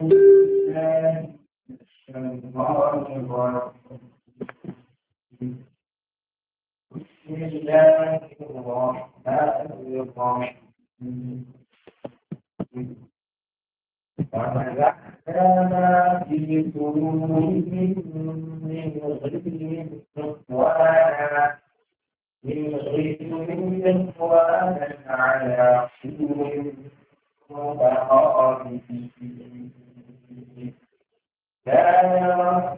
وَمَا فِي قُلُوبِهِم مِّنْ غِلٍّ إِخْوَانًا مِّنْ غِلٍّ إِخْوَانًا عَلَىٰ سُرُرٍ مُّتَقَابِلِينَ لا يرحم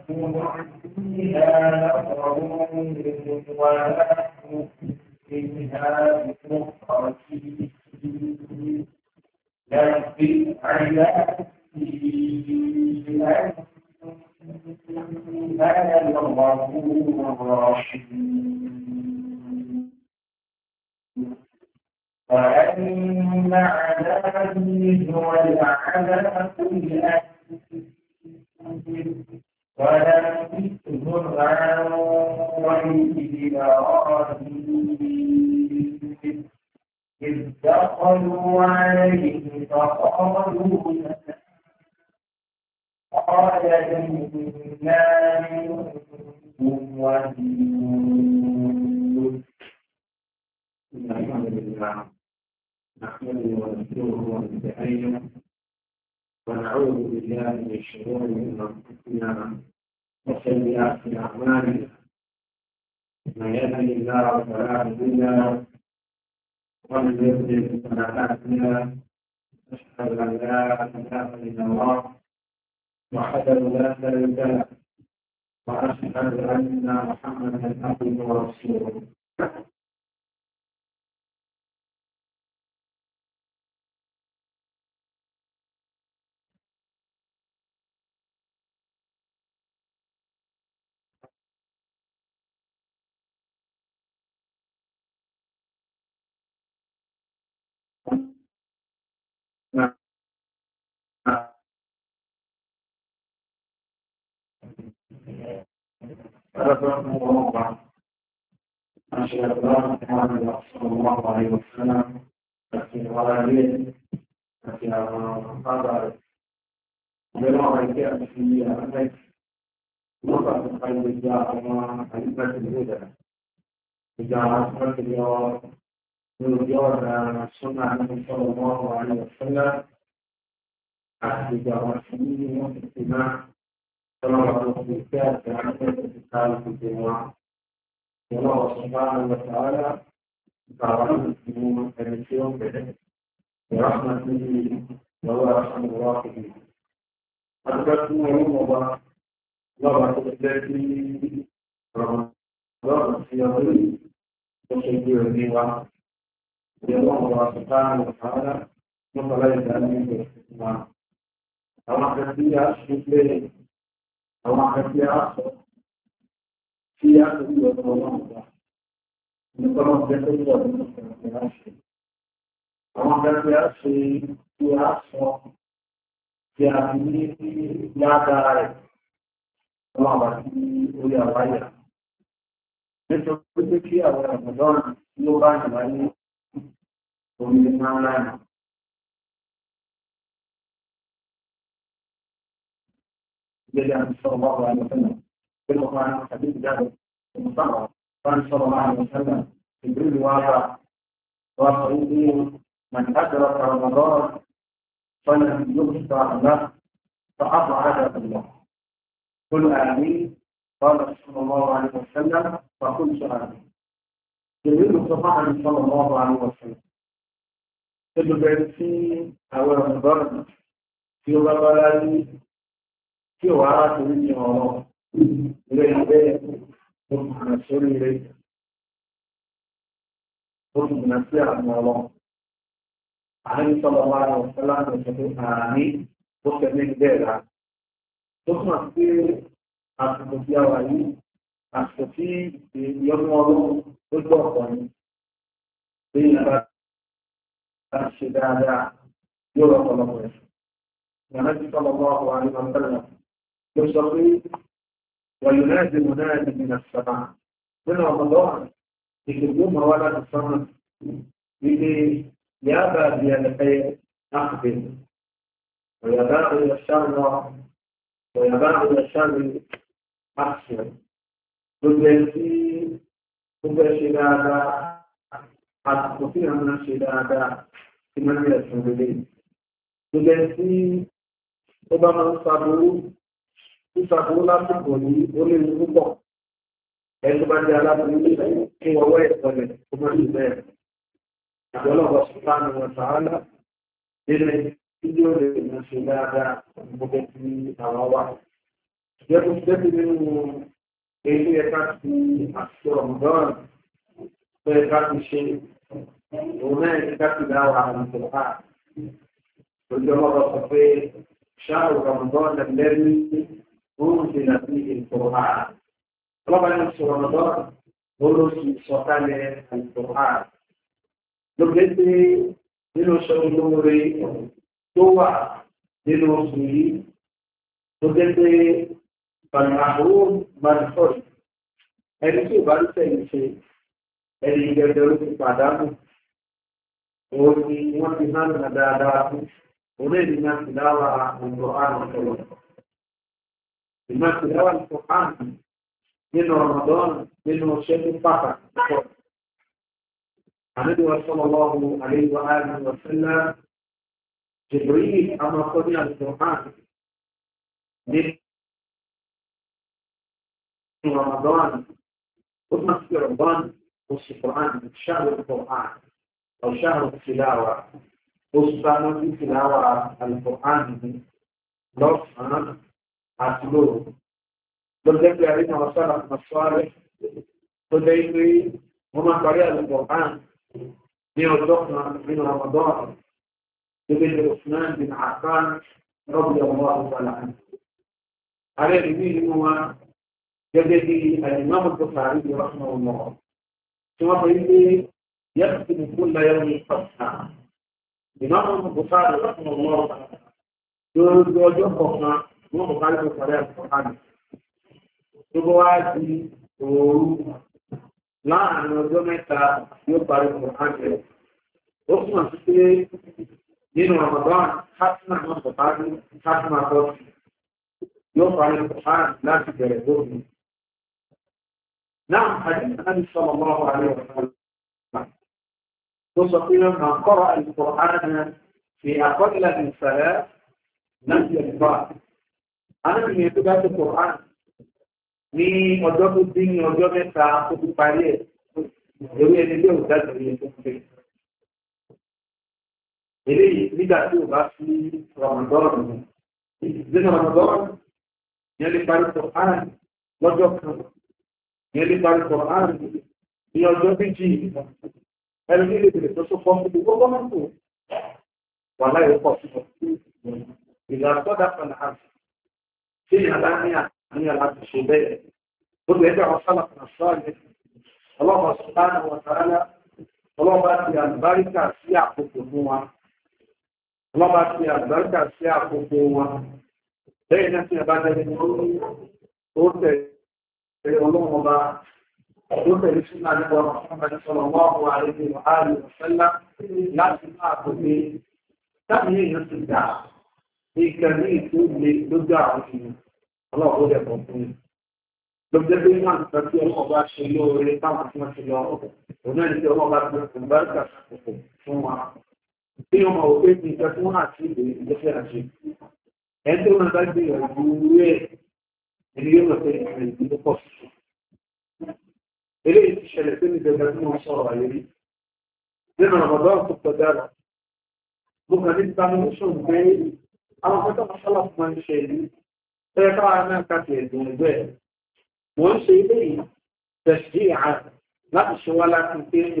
فيها نفر ولا هم فيها بمخرجين نبئ عبادي أنا الغفور الرحيم وأن عذابي هو العذاب الأكبر ولا تكتب عن وعيد إبراهيم إذ دخلوا عليه فقالوا قال إنا منكم وزير الحمد لله نحمده ونشكره ونستعينه ونعوذ بالله من شرور انفسنا وسيئات اعمالنا من يهدي الله فلا مضل له ومن يضلل فلا هادي له اشهد ان لا اله الا الله وحده لا شريك له واشهد ان محمدا عبده ورسوله رحمه الله عن شيخ الله محمد صلى الله عليه وسلم في غالية في قدر ولما كان في أمريكا نقطة القلب جاء الله أئمة الهدى إذا أصبحت اليوم من ديار السنة النبي صلى الله عليه وسلم أهل جواسمه واتباع Allah subhanahu wa ta'ala تعرفون المسلمون اليوم برحمته وهو ارحم الراحمين أخبرتم يوم الله ضربة التي رمضان في يومين وشيء يومين يوم الله سبحانه وتعالى نصلي بأمين بالإسلام أما كثيرة شكرا àwọn akẹ́kẹ́ àṣọ tí a tó ń lọ sọ wọn gbà nípa wọn jẹ́ tó ń lọ nínú akẹ́kẹ́ àṣẹ. Àwọn akẹ́kẹ́ àṣẹ tí a sọ tí a fi ní ládàá rẹ̀ wọn àbá sí orí àwáyà. Nítorí pé kí àwọn ẹ̀mọ̀dọ́rùn ló bá yàn wáyé omi máa ń láyà. صلى الله عليه وسلم في القرآن حديث جابر المصنف قال صلى الله عليه وسلم في جبريل واقع وصعيدين من أدرك رمضان فلم يخطأ له فأبعد الله قل آمين قال صلى الله عليه وسلم فقلت آمين جبريل صفحه صلى الله عليه وسلم تجبر في أول رمضان في رمضان tí ò wá láti rí ní ọ̀rọ̀ ilé ìgbé òkùnkùn sórí ilé òkùnkùn sí àwọn ọ̀rọ̀. Àárín sọ́lọ́ wa lọ sọ́lá ní ọ̀sẹ̀ àárín ó tẹ̀lé ilé ẹ̀rá. Ó túmọ̀ sí pé àsìkò tí a wà yìí, àsìkò tí ìyọnu ọlọ́run ó gbọ́ ọ̀pọ̀ ni. Bí ìyára bá ṣe dáadáa, yóò rọ̀ ẹ̀sùn. Ìyàrá sọ́lọ́ wa wà ní ọ̀sẹ̀ يصلي وينادي منادي من السماء من رمضان يكلمها ولا تصنف يجي يا بادي الخير أقبل ويا باغي الشر ويا باغي الشر أحسن بالتي تبقى شدادة حتى تطيع من الشدادة في من يسمى بالتي تبقى من صبور ìṣàkóso lásìkò ní onílù púpọ̀ ẹni bá jẹ́ aláboyún kí ọwọ́ ìsọlẹ̀ tó bá lè bẹ́ẹ̀. àjọlọ́ bá ṣe fáànù wọn sàánà nínú fídíò lè mú ṣe dáadáa gbogbo ti àwọn wa. jẹ́bi jẹ́bi nínú èyí ẹ̀ka ti àṣọ ọ̀gbọ́n tó ẹ̀ka ti ṣe òun náà ẹ̀ka ti dá wa àwọn ìjọba. lójú ọmọ bá sọ pé ṣáà ọ̀gbọ̀n lẹ́nu أنزل فيه القرآن طبعا في رمضان ونزل سلطان القرآن لبنتي nínú sọ́dúnrúre tó wà nínú oṣù yìí tó jẹ́ pé bàmàhó manifest ẹni tí ò bá ń tẹ̀lé ṣe ẹni gẹ́gẹ́ ló ti pàdánù òun ni wọ́n ti hàn إنها تلاوة القرآن من رمضان من الشيخ فقط النبي صلى الله عليه وآله وسلم جبريل أما سمع القرآن من رمضان ثم في رمضان نص القرآن شهر القرآن أو شهر التلاوة أصبح في تلاوة القرآن نص àti lóòrùn ló jẹ́ pé àrí náà sára àṣọ́rẹ́ tó jẹ́ pé wọ́n máa parí àlùkò hàn ní ọjọ́ kan nínú Ramadan gẹ́gẹ́ bí Usman bin Affan rọ́bì ọmọ àwùjọ́lá ààrẹ ìlú nínú wa gẹ́gẹ́ bí àìmáàmù tó sàárì bí wọ́n fún ọmọ tí wọ́n fẹ́ pé yẹ́sì ní kú ìmáàmù tó sàárì wọ́n fún ọmọ lórí ọjọ́ kọ̀ọ̀kan wọ́n mọ̀ kárí tó sọ̀rọ̀ ẹ̀kọ́ hàn tó bọ́ wá di òru láàrin ọjọ́ mẹ́ta yóò parí tó hàn rẹ̀ ó fún àti pé nínú Ramadan hátìmá náà kò bá ní hátìmá tó sì yóò parí tó hàn láti bẹ̀rẹ̀ lóbi náà àdínà náà ní sọ̀rọ̀ mọ́ ọ̀rọ̀ àlẹ́ ọ̀sán tó sọ pé man qara'a al-Qur'ana fi aqalla min salah lam yaqra' arábìnrin tó bá tó pọ̀ á ní ọjọ́ tó dín ní ọjọ́ mẹ́ta tó ti parí ẹ̀ ìwé ẹni lé òun dájọ́ yẹn tó ń pè. eléyìí nígbà tí ò bá fi rọmọdọ́rọ̀ nù nínú rọmọdọ́rọ̀ yẹn lè parí pọ̀ á lọ́jọ́ kan yẹn lè parí pọ̀ á ní ọjọ́ méjì ẹni nílé ìbèrè tó tó fún gbogbo mọ́tò wà láyé pọ̀ fún ọ ìlànà tó dáa pẹ̀lú tí ìyàbá ní àníyàn láti ṣe bẹ́ẹ̀. Gbogbo ẹgbẹ́ àwọn sálà kan sọ́ọ̀lì ọlọ́mọ sùpánà wọn tààlà ọlọ́mọ ti àlùbáríkà sí àkókò fún wa. Ọlọ́mọ ti àlùbáríkà sí àkókò wa. Bẹ́ẹ̀ náà ti àbájá ní ó tẹ̀lé ọlọ́mọ bá Àdúgbẹ̀rí sínú àdúgbò ọmọdé sọ̀rọ̀ wọ́n wọ àríwí ààrẹ òṣèlá láti máa kò ní táàmì èèyàn ti dà ní ìkẹ̀lú ìtò lè lójú àwọn èèyàn ọlọ́run dẹ̀ bọ̀ fún mi. Lọ́jọ́ bí wọ́n ti sọ pé ọlọ́run bá ṣe lóore táwọn tí wọ́n ti lọ ọ̀pọ̀. Òun náà ní pé ọlọ́run bá ti lọ fún báríkà sàkókò fún wa. Bí wọ́n mọ̀ pé ti ìfẹ́ fún àti ìwé ìgbésẹ̀ àṣẹ. Ẹni tó máa bá gbé ìrọ̀lú rẹ̀ ẹni yóò mọ̀ فيقرأ ما كثير من البيت ويمشي إليه تشجيعا نقش ولا تنفيذ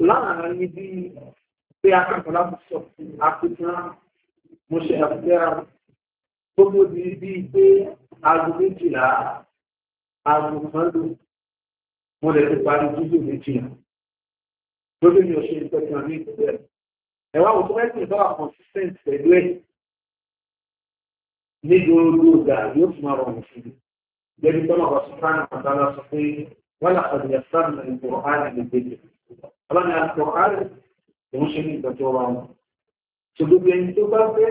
لا يدي في أكثر من أكثر مش أكثر gbogbo di ibi pé aago méjìlá aago kan ló mo lè ti parí jíjù méjìlá lórí mi ò ṣe àmì ìtọ́jú ẹ̀ wá òtún ẹ̀sìn consistent pẹ̀lú ẹ̀ ní gbogbo ìgbà yóò fún ọ̀rọ̀ mùsùlùmí jẹbi tọmọ ọsọ fún àwọn ọ̀daràn sọ pé wọn là pàdé ẹsẹ àmì ìgbòho àrùn ìgbèjì ọlọ́ni àgbò àrùn òun ṣe ní ìgbàjọ wa wọn. ṣùgbọ́n ẹni tó bá fẹ́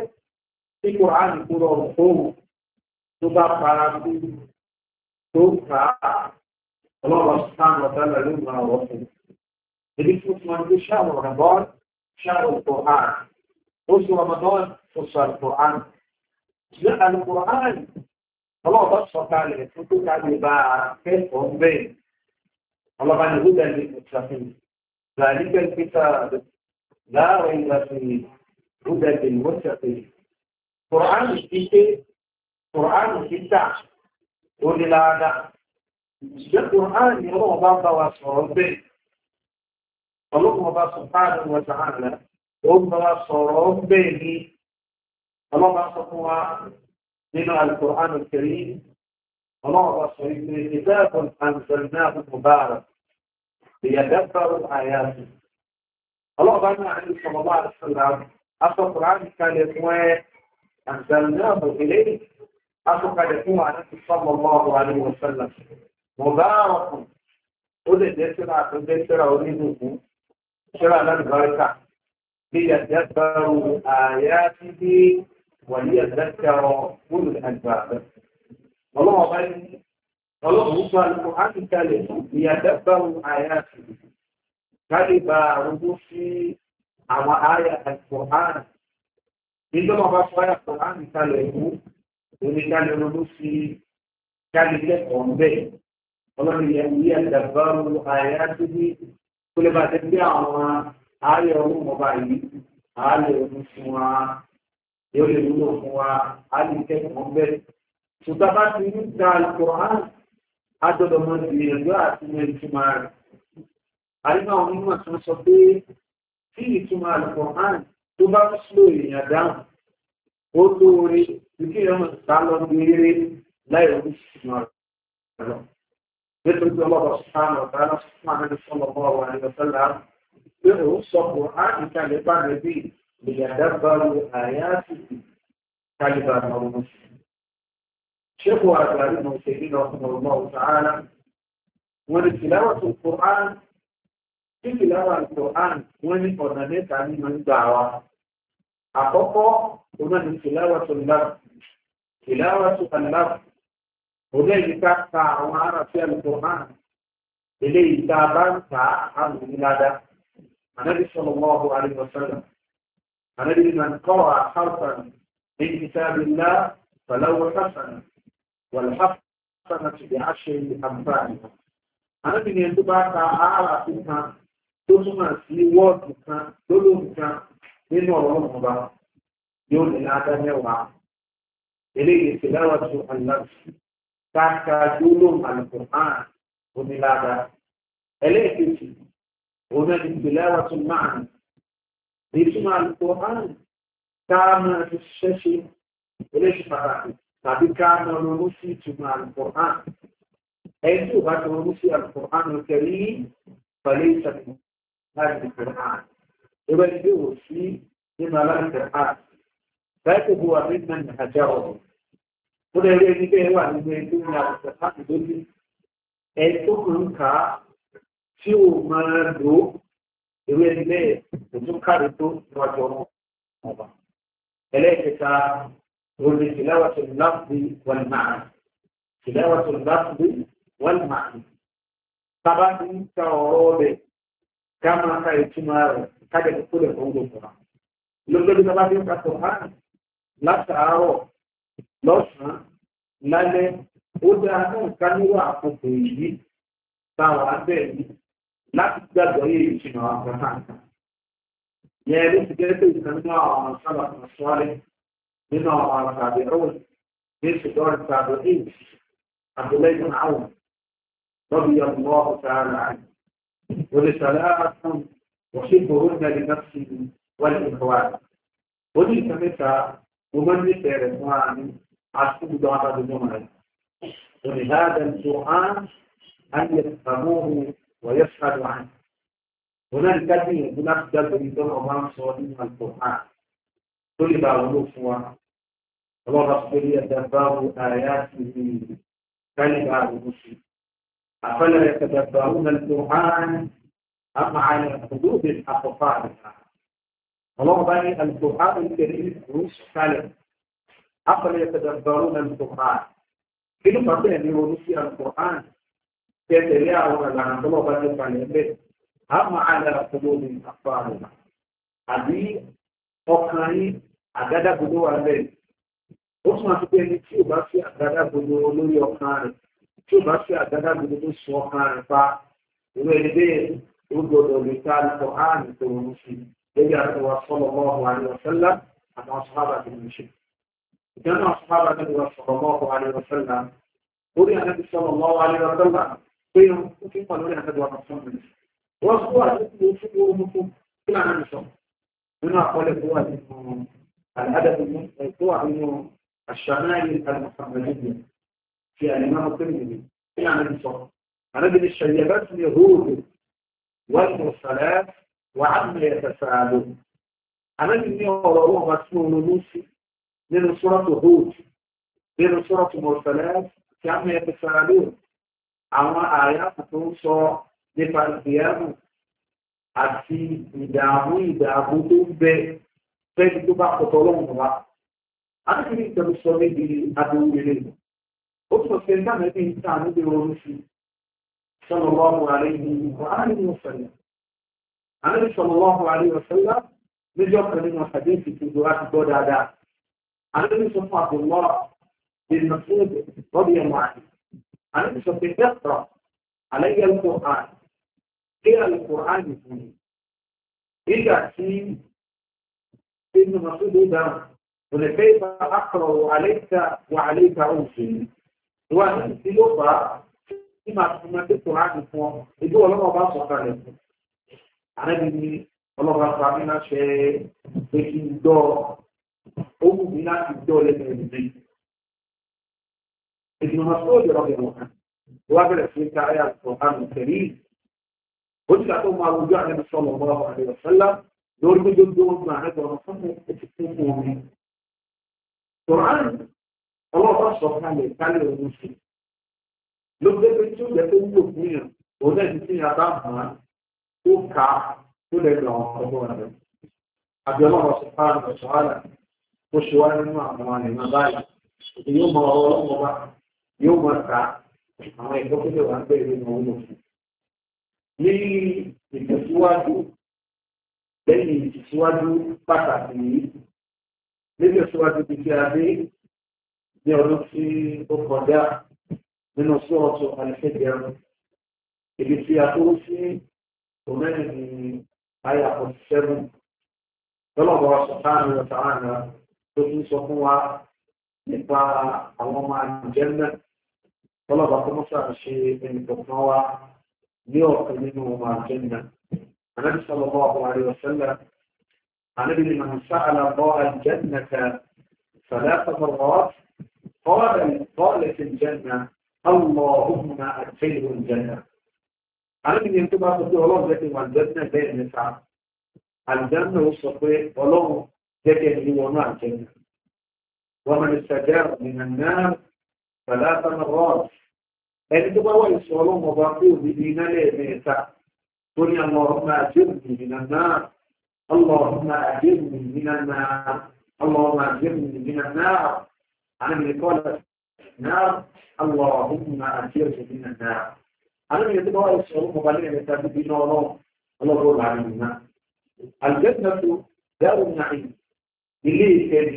ipò àrùn kúrò òun tó bá para kú tó kà á ọlọ́rọ̀ sọ fún àwọn ló máa wọ̀ fún un. ebi tó fún wọn pé ṣáà wọ̀ rẹ̀ bọ́ọ̀lù ní alùpùránì ọlọ́ọ̀bá sọ̀kalẹ̀ tó tó ká lè bá akẹ́kọ̀ọ́ bẹ́ẹ̀ ọlọ́ba ní húdà ní ìtàfin ذلك الكتاب لا ريب فيه هدى للمتقين قرآن كتاب قرآن كتاب قل لا لا القرآن يروى بعض وصوبه ọlọ́pàá bá sọ̀tàrà wọ̀tàrà ó bá sọ̀rọ̀ bẹ́ẹ̀ ni ọlọ́ba sọ fún wa nínú alukóhánù kiri ọlọ́ba sọ ìpè ìdáàbòn àǹtẹ̀lẹ́ àbúkù báàrà ìyàdẹ́fẹ́rù àyàtì ọlọ́ba náà ní sọlọ́ba àṣìlá asọ̀kùnrin àbíkalẹ̀ fún ẹ àǹtẹ̀lẹ́ àbúkù ilé asọ̀kalẹ̀ fún wa láti sọ́mọ́ mọ́ àríwọ̀ sẹ́lẹ̀ mọ̀báàrọ̀kùn ó lè jẹ́ síra àtúndé síra onídùnkù síra lálùbáríkà bí ìyàdẹ́fẹ́rù àyàtì bíi وليذكر كل الألباب والله أبين الله هو القرآن الكريم ليدبروا آياته كلمة رموشي على آية القرآن عندما بقى آية القرآن الكريم ونكال رموشي كلمة قنبي الله ليدبروا آياته كل ما تبقى آية رموشي آية رموشي yóò lè wúlò fún wa á lè kẹ́kọ̀ọ́ bẹ́ẹ̀. ṣùgbọ́n bá ti ń da alukoran adọ́dọ̀ mọ́ ìgbìyànjú àti ìtumọ̀ rẹ̀. àríwá onímọ̀ tó ń sọ pé tí ìtumọ̀ alukoran tó bá ń sọ èèyàn dáhùn ó lóore ìdí ìrọ̀mọ̀ sá lọ gbére láì rí ìtumọ̀ rẹ̀ lọ. nítorí ọlọ́dọ̀ sùpáàmù ọ̀tá lọ́sùpáàmù ẹni sọ́lọ́ bọ́ọ̀lù àìyọ̀sọ́lá pé òun sọ ليتدبروا آياته كلمة موجود شيخ أبي المسلمين رحمه الله تعالى ولتلاوة القرآن تلاوة القرآن ومن أنانيك عن من دعوة أقوى ومن تلاوة اللفظ تلاوة اللفظ هناك تعوار في القرآن إليه تابان تعالى النبي صلى الله عليه وسلم الذي من قرأ حرفا من كتاب الله فله حسنة والحسنة بعشر أمثالها الذي ينتبه على كتاب tó túmọ̀ sí wọ́ọ̀dù kan lólóòdù kan nínú ọ̀rọ̀ ọ̀gbà yóò ní ládá mẹ́wàá. eléyìí ti lẹ́wọ̀ tó aláàbò káàkà gbólóhùn àlùkò hàn omi ládá. ẹlẹ́ẹ̀kejì òun náà ti ti lẹ́wọ̀ tó máa ìtumọ̀ alukóhán káàmù ṣẹṣẹ eléṣù pàtàkì tàbí káàmù ronú sí ìtumọ̀ alukóhán ẹni tí ò bá ti ronú sí alukóhán kẹrí pẹ̀lú ìṣẹ̀lẹ̀ láti ìfẹ̀rẹ̀ hàn ìwé ni yóò sí nínú aláìfẹ̀rẹ̀ hàn bẹ́ẹ̀ kò bu àmì náà ní àjá ọ̀rọ̀ ó lè rí ẹni bẹ́ẹ̀ wà nínú ẹgbẹ́ irú ẹni bẹ́ẹ̀ kò tún káre tó níwájú ọmọ ọba. ẹlẹ́ẹ̀kẹta wọ́n lè tìlẹ́wọ̀tò láti wọ́n máa tìlẹ́wọ̀tò láti wọ́n máa. sábà ní ká ọ̀rọ̀ ọbẹ̀ ká máa ka ìtumọ̀ rẹ̀ kájẹ̀ kókó lè fọ́n gbogbo wa. lọ́gbẹ́ni sábà ní ká sọ̀rọ̀ hàn látàárọ̀ lọ́sàn-án lálẹ́ ó dáa náà ká níwà àkókò yìí táwọn abẹ́ yìí. láti gbàgbọ́ yé ìṣìnà àgbàkàǹkà. Yẹn ló ti gẹ́gẹ́ ìkan nínú àwọn sábà kan sọ́ọ́lẹ̀ nínú àwọn àtàbí ọ̀wọ̀ ní ṣùgbọ́n ìtàbí èyí àbúlẹ́gbọ̀n àwọn lọ́bí ọmọ ọ̀tá ara rẹ̀. Olùsọ̀lẹ́ àtún wọ̀ṣẹ́ ìbòrò ní ẹni náà sí wọ́n ní ìkọ̀wá. Ó ní ìkan mẹ́ta mo máa ń nífẹ̀ẹ́ rẹ̀ fún ara mi àti gbogbo àwọn àtàbí mọ́ rẹ̀. Òní ويسأل عنه هنا الكلمة هناك دبري دون أمان صورين من القرآن كل طلب ونوفوا الله رسول يتدبر آياته كلمة ونوفوا أفلا يتدبرون القرآن أم على حدود أقطاعها الله بني القرآن الكريم روس كلمة أفلا يتدبرون القرآن كل ما يعني روسي القرآن tẹ̀lé àwọn ìlànà tó lọ́ba ti balẹ̀ bẹ́ẹ̀ a máa lára pẹ̀lú omi àpá rẹ̀ àbí ọkàn yín àgádágodo wà bẹ́ẹ̀ ó tún máa fi pé ẹni tí ò bá fi àgádágodo lórí ọkàn rẹ̀ tí ò bá fi àgádágodo tó sun ọkàn rẹ̀ pa ìlú ẹni bẹ́ẹ̀ ó gbọdọ̀ lè ta àlùkò áàmì tó ronú sí lórí àtúwà sọ́lọ̀ mọ́ ọ̀hún àríwọ̀sẹ́lá àwọn sọ́hábà tó ń ṣe ìdáná sọ́hábà tó ń sọ̀rọ̀ mọ́ ọ̀hún àríwọ̀sẹ́lá orí àdébísọ̀rọ̀ mọ́ ọ̀hún àríwọ̀sẹ́lá tenham o que valor é a doação deles. O assoalho que o futuro muito claro no som. هنا قال هو الهدف هو انه الشمائل المستقبليه في الامام الترمذي يعني أنا رجل الشيبات اليهود والمرسلات وعما يتساءلون أنا إني أراه مسموع نموسي من صورة هود من صورة مرسلات عما يتساءلون àwọn àyàpù tó ń sọ nípa ìgbéyàwó àti ìdààmú ìdààmú tó ń bẹ fẹ́ni tó bá kọ̀tọ̀ ọlọ́run wa. Adékìrí ìtẹ̀lú sọ níbi adéwò eré. Ó sọ pé dáná bí níta níbi oorun sí. Sọ̀rọ̀ wá wọ ààrẹ yìí wọ ààrẹ yìí ọ̀sẹ̀lẹ̀. Àlẹ́ sọ̀rọ̀ wá wọ ààrẹ ọ̀sẹ̀lẹ̀ níjọ́ kan nínú àṣàdé ìfìtì ìjọba ti gbọ́ dáadáa. Àlẹ́ sọ fún àbúrò wọ́n bí Nàfúùdì lọ́bì ẹ̀wọ̀n àdìs أنا مش بتقرأ علي القرآن قرأ القرآن فيه إذا في ابن مسعود ده ولكيف أقرأ عليك وعليك أوصي وأنا في لغة فيما فيما في القرآن فيه إذا ولا ما بعرف أقرأ أنا بني ọlọ́ba sàmì náà ṣe é pé kí n dọ́ ó wù mí láti dọ́ lẹ́nu ẹ̀mí ابن مسعود رضي الله عنه وقال في آيات القرآن الكريم وجدت أم أبو جعل صلى الله عليه وسلم دور بجندهم مع هذا ومصنع تكتبهم القرآن الله سبحانه وتعالى المسلم لو dé pé tí ó jẹ́ tó wúlò fún yàn ó dẹ̀ ti fi yàn bá hàn án ó kà á tó lè lọ àwọn yóò máa ka àwọn ẹ̀kọ́ tó lè wà ń bẹ̀rẹ̀ nínú ọmọ fún. Ní ìtẹ̀síwájú, lẹ́yìn ìtẹ̀síwájú pàtàkì yìí, lẹ́yìn ìtẹ̀síwájú ti fi adé ní ọdún tí ó kọjá nínú sọ́ọ̀tù àìsẹ́gbẹ̀rún. Ibi tí a tó sí òmẹ́rin ní àyà forty seven. Lọ́lọ́bọ̀ sọ̀tánù tó tún sọ fún wa nípa àwọn ọmọ àjẹ́mẹ́rin. kọlọ́ba kó mọ́sá ṣe ẹnì kọ̀ọ̀kan wa ní ọ̀kan nínú ọmọ àjẹ́nà anábì sọ́lọ́ bọ́ ọ̀pọ̀ àríwọ̀ sẹ́lẹ̀ anábì ni màá sá àlàbọ̀ àjẹ́nà kẹ ثلاث مرات قال قال في الجنة اللهم أدخله الجنة anábì ni tó bá sọ pé ọlọ́run jẹ́ kí wọ́n àjẹ́nà bẹ́ẹ̀ ní sáà àjẹ́nà ó sọ pé ọlọ́run jẹ́ kí ẹni wọnú àjẹ́nà ومن استجاب من النار ثلاث مرات ẹni tó bá wà ìṣọ́ ọlọ́run ọba kó níbi iná lẹ́ẹ̀mẹ́ta tó ní àwọn ọmọ àjẹmù nínà náà ọlọ́run àjẹmù nínà náà ọlọ́run àjẹmù nínà náà àlẹ́mìí kọ́lá náà ọlọ́run àjẹmù nínà náà àlẹ́mìí tó bá wà ìṣọ́ ọlọ́run ọba lẹ́ẹ̀mẹ́ta níbi iná ọlọ́run ọlọ́run láàrin nínà àjẹmù dáhùn náà ilé ìfẹ́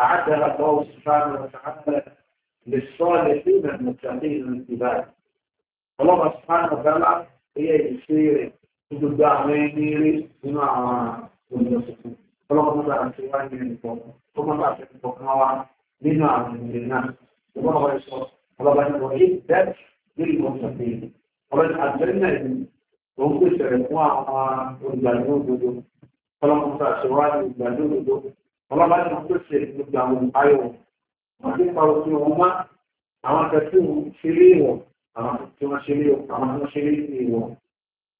أعدها الله سبحانه وتعالى للصالحين المتقين العباد الله سبحانه وتعالى هي الشيرة تدعى من هنا ونصفه الله مدعى من فوق. ثم مدعى سواني نوعا من الناس الله يسوع الله يسوع ذات للمتقين الله عزلنا وهم كسر الأقوى والجنود الله مدعى سواني والجنود ọlọ́ba ti tó ṣe gbogbo àwọn ayọ̀ wọ́n ti pa òfin wọn mọ́ àwọn akẹ́kọ̀ọ́ ṣe lé ìwọ̀n àwọn tí wọ́n ṣe lé àwọn tí wọ́n ṣe lé ìwọ̀n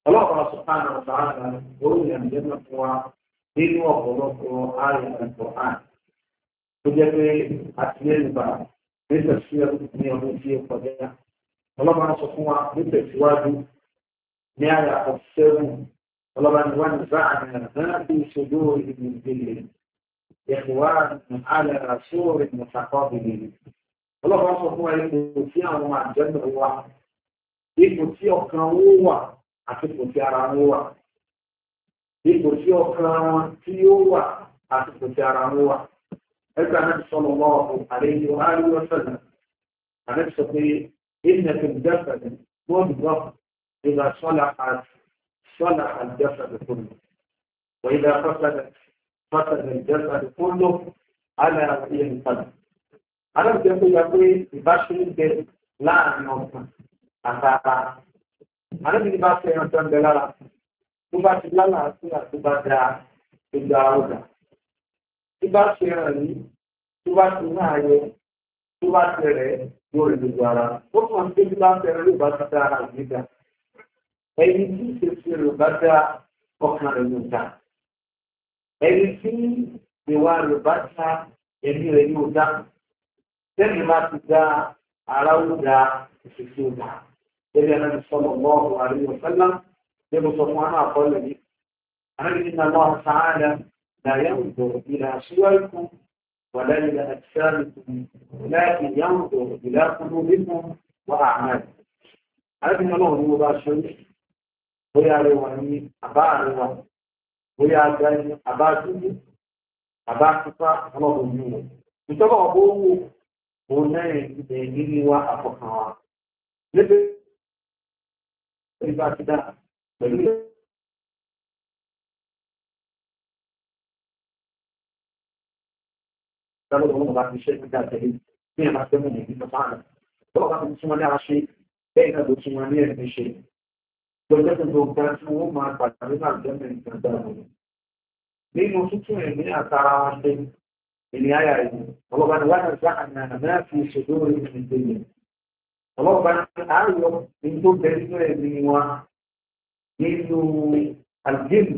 ọlọ́ba sọ̀tàn ọ̀tà àgbà lórí ìyànjẹ́ náà fún wa nínú ọ̀pọ̀lọpọ̀ ayọ̀ ẹ̀kọ́ sọ إخوان على رسول متقابلين الله رحمه هو يمتيع مع جنة الله يمتيع كنوة أكيد متيع رانوة يمتيع كنوة أكيد متيع رانوة هذا النبي صلى الله عليه وآله وسلم النبي صلى إن في الجسد مضغة إذا صلحت صلح الجسد كله وإذا فسدت مثل الجسد كله على رأي القلب أنا بجد يقول يباشر بين لا نوم أتابع أنا بنباشر يوم بلا تباشر لا لا تباشر تباشر تباشر يعني تباشر نهاية تباشر yóò rí gbogbo ara ó kàn ṣe bí láti ẹrẹ ló bá ti dá ara gbígbà ẹni tí ìṣesí rẹ̀ bá dá ọkàn rẹ̀ ló dáa ẹni tí ìwà rẹ̀ bá ta ẹ̀mí rẹ̀ yóò dá tẹ́lẹ̀ máa ti da ara ó da ìṣèṣe ó da tẹ́lẹ̀ náà ti sọ̀rọ̀ mọ́ ọ̀rọ̀ àríwọ̀ sẹ́lá nínú sọ fún àwọn àkọọ́lẹ̀ yìí àrẹ́bí náà lọ́wọ́ sáárà làyẹ̀ ń bọ̀ ìlà síwájú ولا إلى أجسامكم ولكن ينظر إلى قلوبكم وأعمالكم. هذه الله هو باشر ويا رواني أبا رواني bóyá agbáyé àbá àdúgbò àbá àtúfà ọlọ́run yìí wọ̀. ìjọba ọ̀bọ̀ owó òun náà ìdílé nílé wa àfọkàn wa. níbi ìgbà tí dá pẹ̀lú ilé. Ìjọba ọ̀bọ̀ bá ti ṣe nígbà tẹ̀lé bí ẹ̀ máa tẹ́mù ní ìgbà fáànà. Ìjọba ọ̀bá ti súnmọ́ ní ara ṣe bẹ́ẹ̀ náà ló súnmọ́ ní ẹ̀ Gbọ́dọ̀ tó tó ga tí wọ́n máa pàtàkì láàjọ mẹ́rin kan dáàbò. Nínú tútù ẹ̀mí àtara wọn ṣe ìní àyà yìí, ọlọ́ba ni wọ́n ṣe àmì àmì àti ìṣèlú orí ìdíje yìí. Ọlọ́ba ni àárọ̀ ní tó bẹ nínú ẹ̀mí wa nínú àjẹ́lù,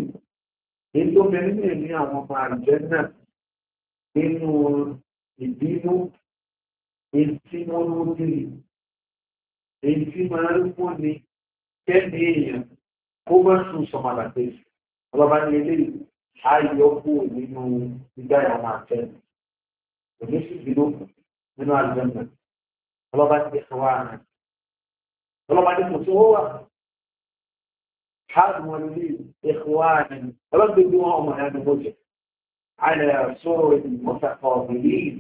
ní kẹ́ni èèyàn kó má sùn sọmọlà kejì ọlọ́ba ní ilé ayọ́kù nínú gbígbá ìyàwó àtẹ òní sì dúró nínú àlùjọ́nà ọlọ́ba ti tẹ̀sán wá àná ọlọ́ba ní kò tó wà hàbù wọn ní ẹ̀kọ́ wá àná ọlọ́ba gbé wọn ọmọ ìyá àdúgbò jẹ àlẹ́ sọ̀rọ̀ ìmọ̀tàkọ̀ ọ̀gbìn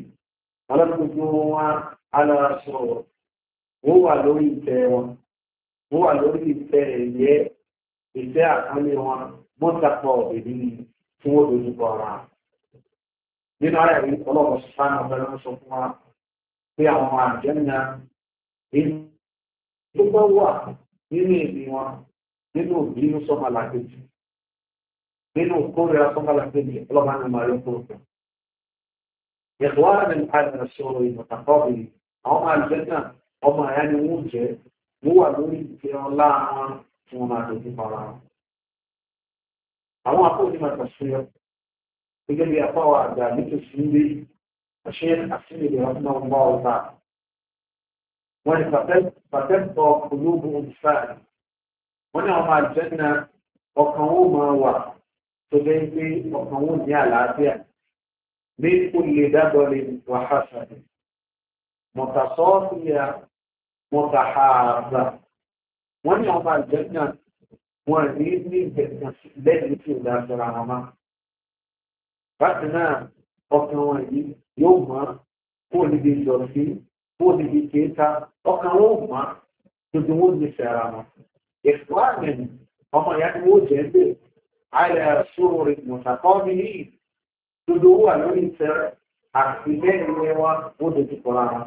ọlọ́ba gbé wọn àlẹ́ sọ̀rọ̀ wọ́n wà lórí ìtẹ́ wọn. wọ́n wà lórí ìfẹ́ ẹ̀yẹ ìfẹ́ àkánlé wọn wọ́n tapọ̀ èdè ní tí wọ́n dojú kọ ara. nínú ara ìwé ọlọ́pàá sùpánà ọ̀bẹ̀rẹ̀ ń sọ fún wa pé àwọn ọmọ tó bá wà nínú èdè wọn nínú ìbínú sọ́mọlàkejì nínú kórìíra sọ́mọlàkejì ọlọ́pàá ní màrí kúròkè. ìwádìí àdàsọ̀rọ̀ ìmọ̀tàkọ́bì àwọn ọmọ ọmọ àyá ni wọ́n jẹ́ wọ́n wà lórí ìfẹ́ ọlá wọn tí wọ́n máa dojú para wọn. Àwọn akọ́ onímọ̀ àtàṣeyọ gẹ́gẹ́ bí apáwọ̀ àgbà nítòsí ń lé àṣẹ àṣìlẹ̀ ọdún náà ń bá ọ̀tá. Wọ́n ní pàtẹ́tọ̀ ológun olùsáàlì. Wọ́n ní àwọn máa wọ́n ta ààbà wọ́n ní àwọn àjẹ́ náà wọ́n rí ní ìgbẹ̀kan lẹ́yìn tí ò dáadáa wọn máa bákan náà ọkàn wọn yìí yóò mọ́ kó níbi ìdọ̀tí kó níbi kéta ọkàn wọn ò mọ́ tuntun wọn ní sẹ́ra wọn ẹ̀fọ́ àmì ọmọ ìyá ni wọ́n jẹ́ pé àìlẹ̀ sóró rẹ̀ mọ̀tàkọ́ ní tuntun wà lórí ìtẹ́rẹ̀ àti lẹ́yìn wọn wọ́n dojú kọ́ra wọn.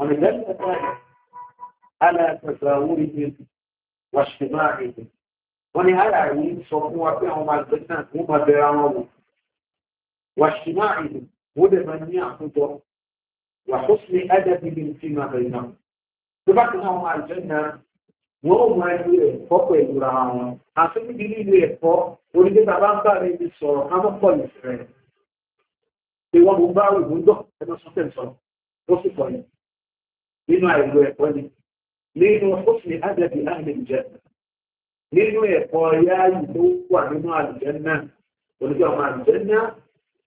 ọ̀nà ìgbẹ́sẹ̀ على تساورهم واجتماعهم ولهذا يقول صفوا فيهم الفتنة هم بيانهم واجتماعهم هدى من يعبد وحسن أدبهم فيما بينهم تبقناهم على الجنة wọ́n mọ ẹlú ẹ̀kọ́ pẹ̀lú ra wọn àfihàn nílé ẹ̀kọ́ onígbé bàbá ń bá rẹ̀ ní sọ̀rọ̀ ká mọ́ pọ̀ pé wọ́n mú bá rò ń sọ̀rọ̀ ó sì pọ̀ ní nínú àìlú ẹ̀kọ́ ni nínú husni adabi ahli aljanna nínú ẹ̀kọ́ yáyì mọ́tàkọ́bùnì àjọmọ̀ wúra wà nínú aljanna olùgbé ọmọ aljanna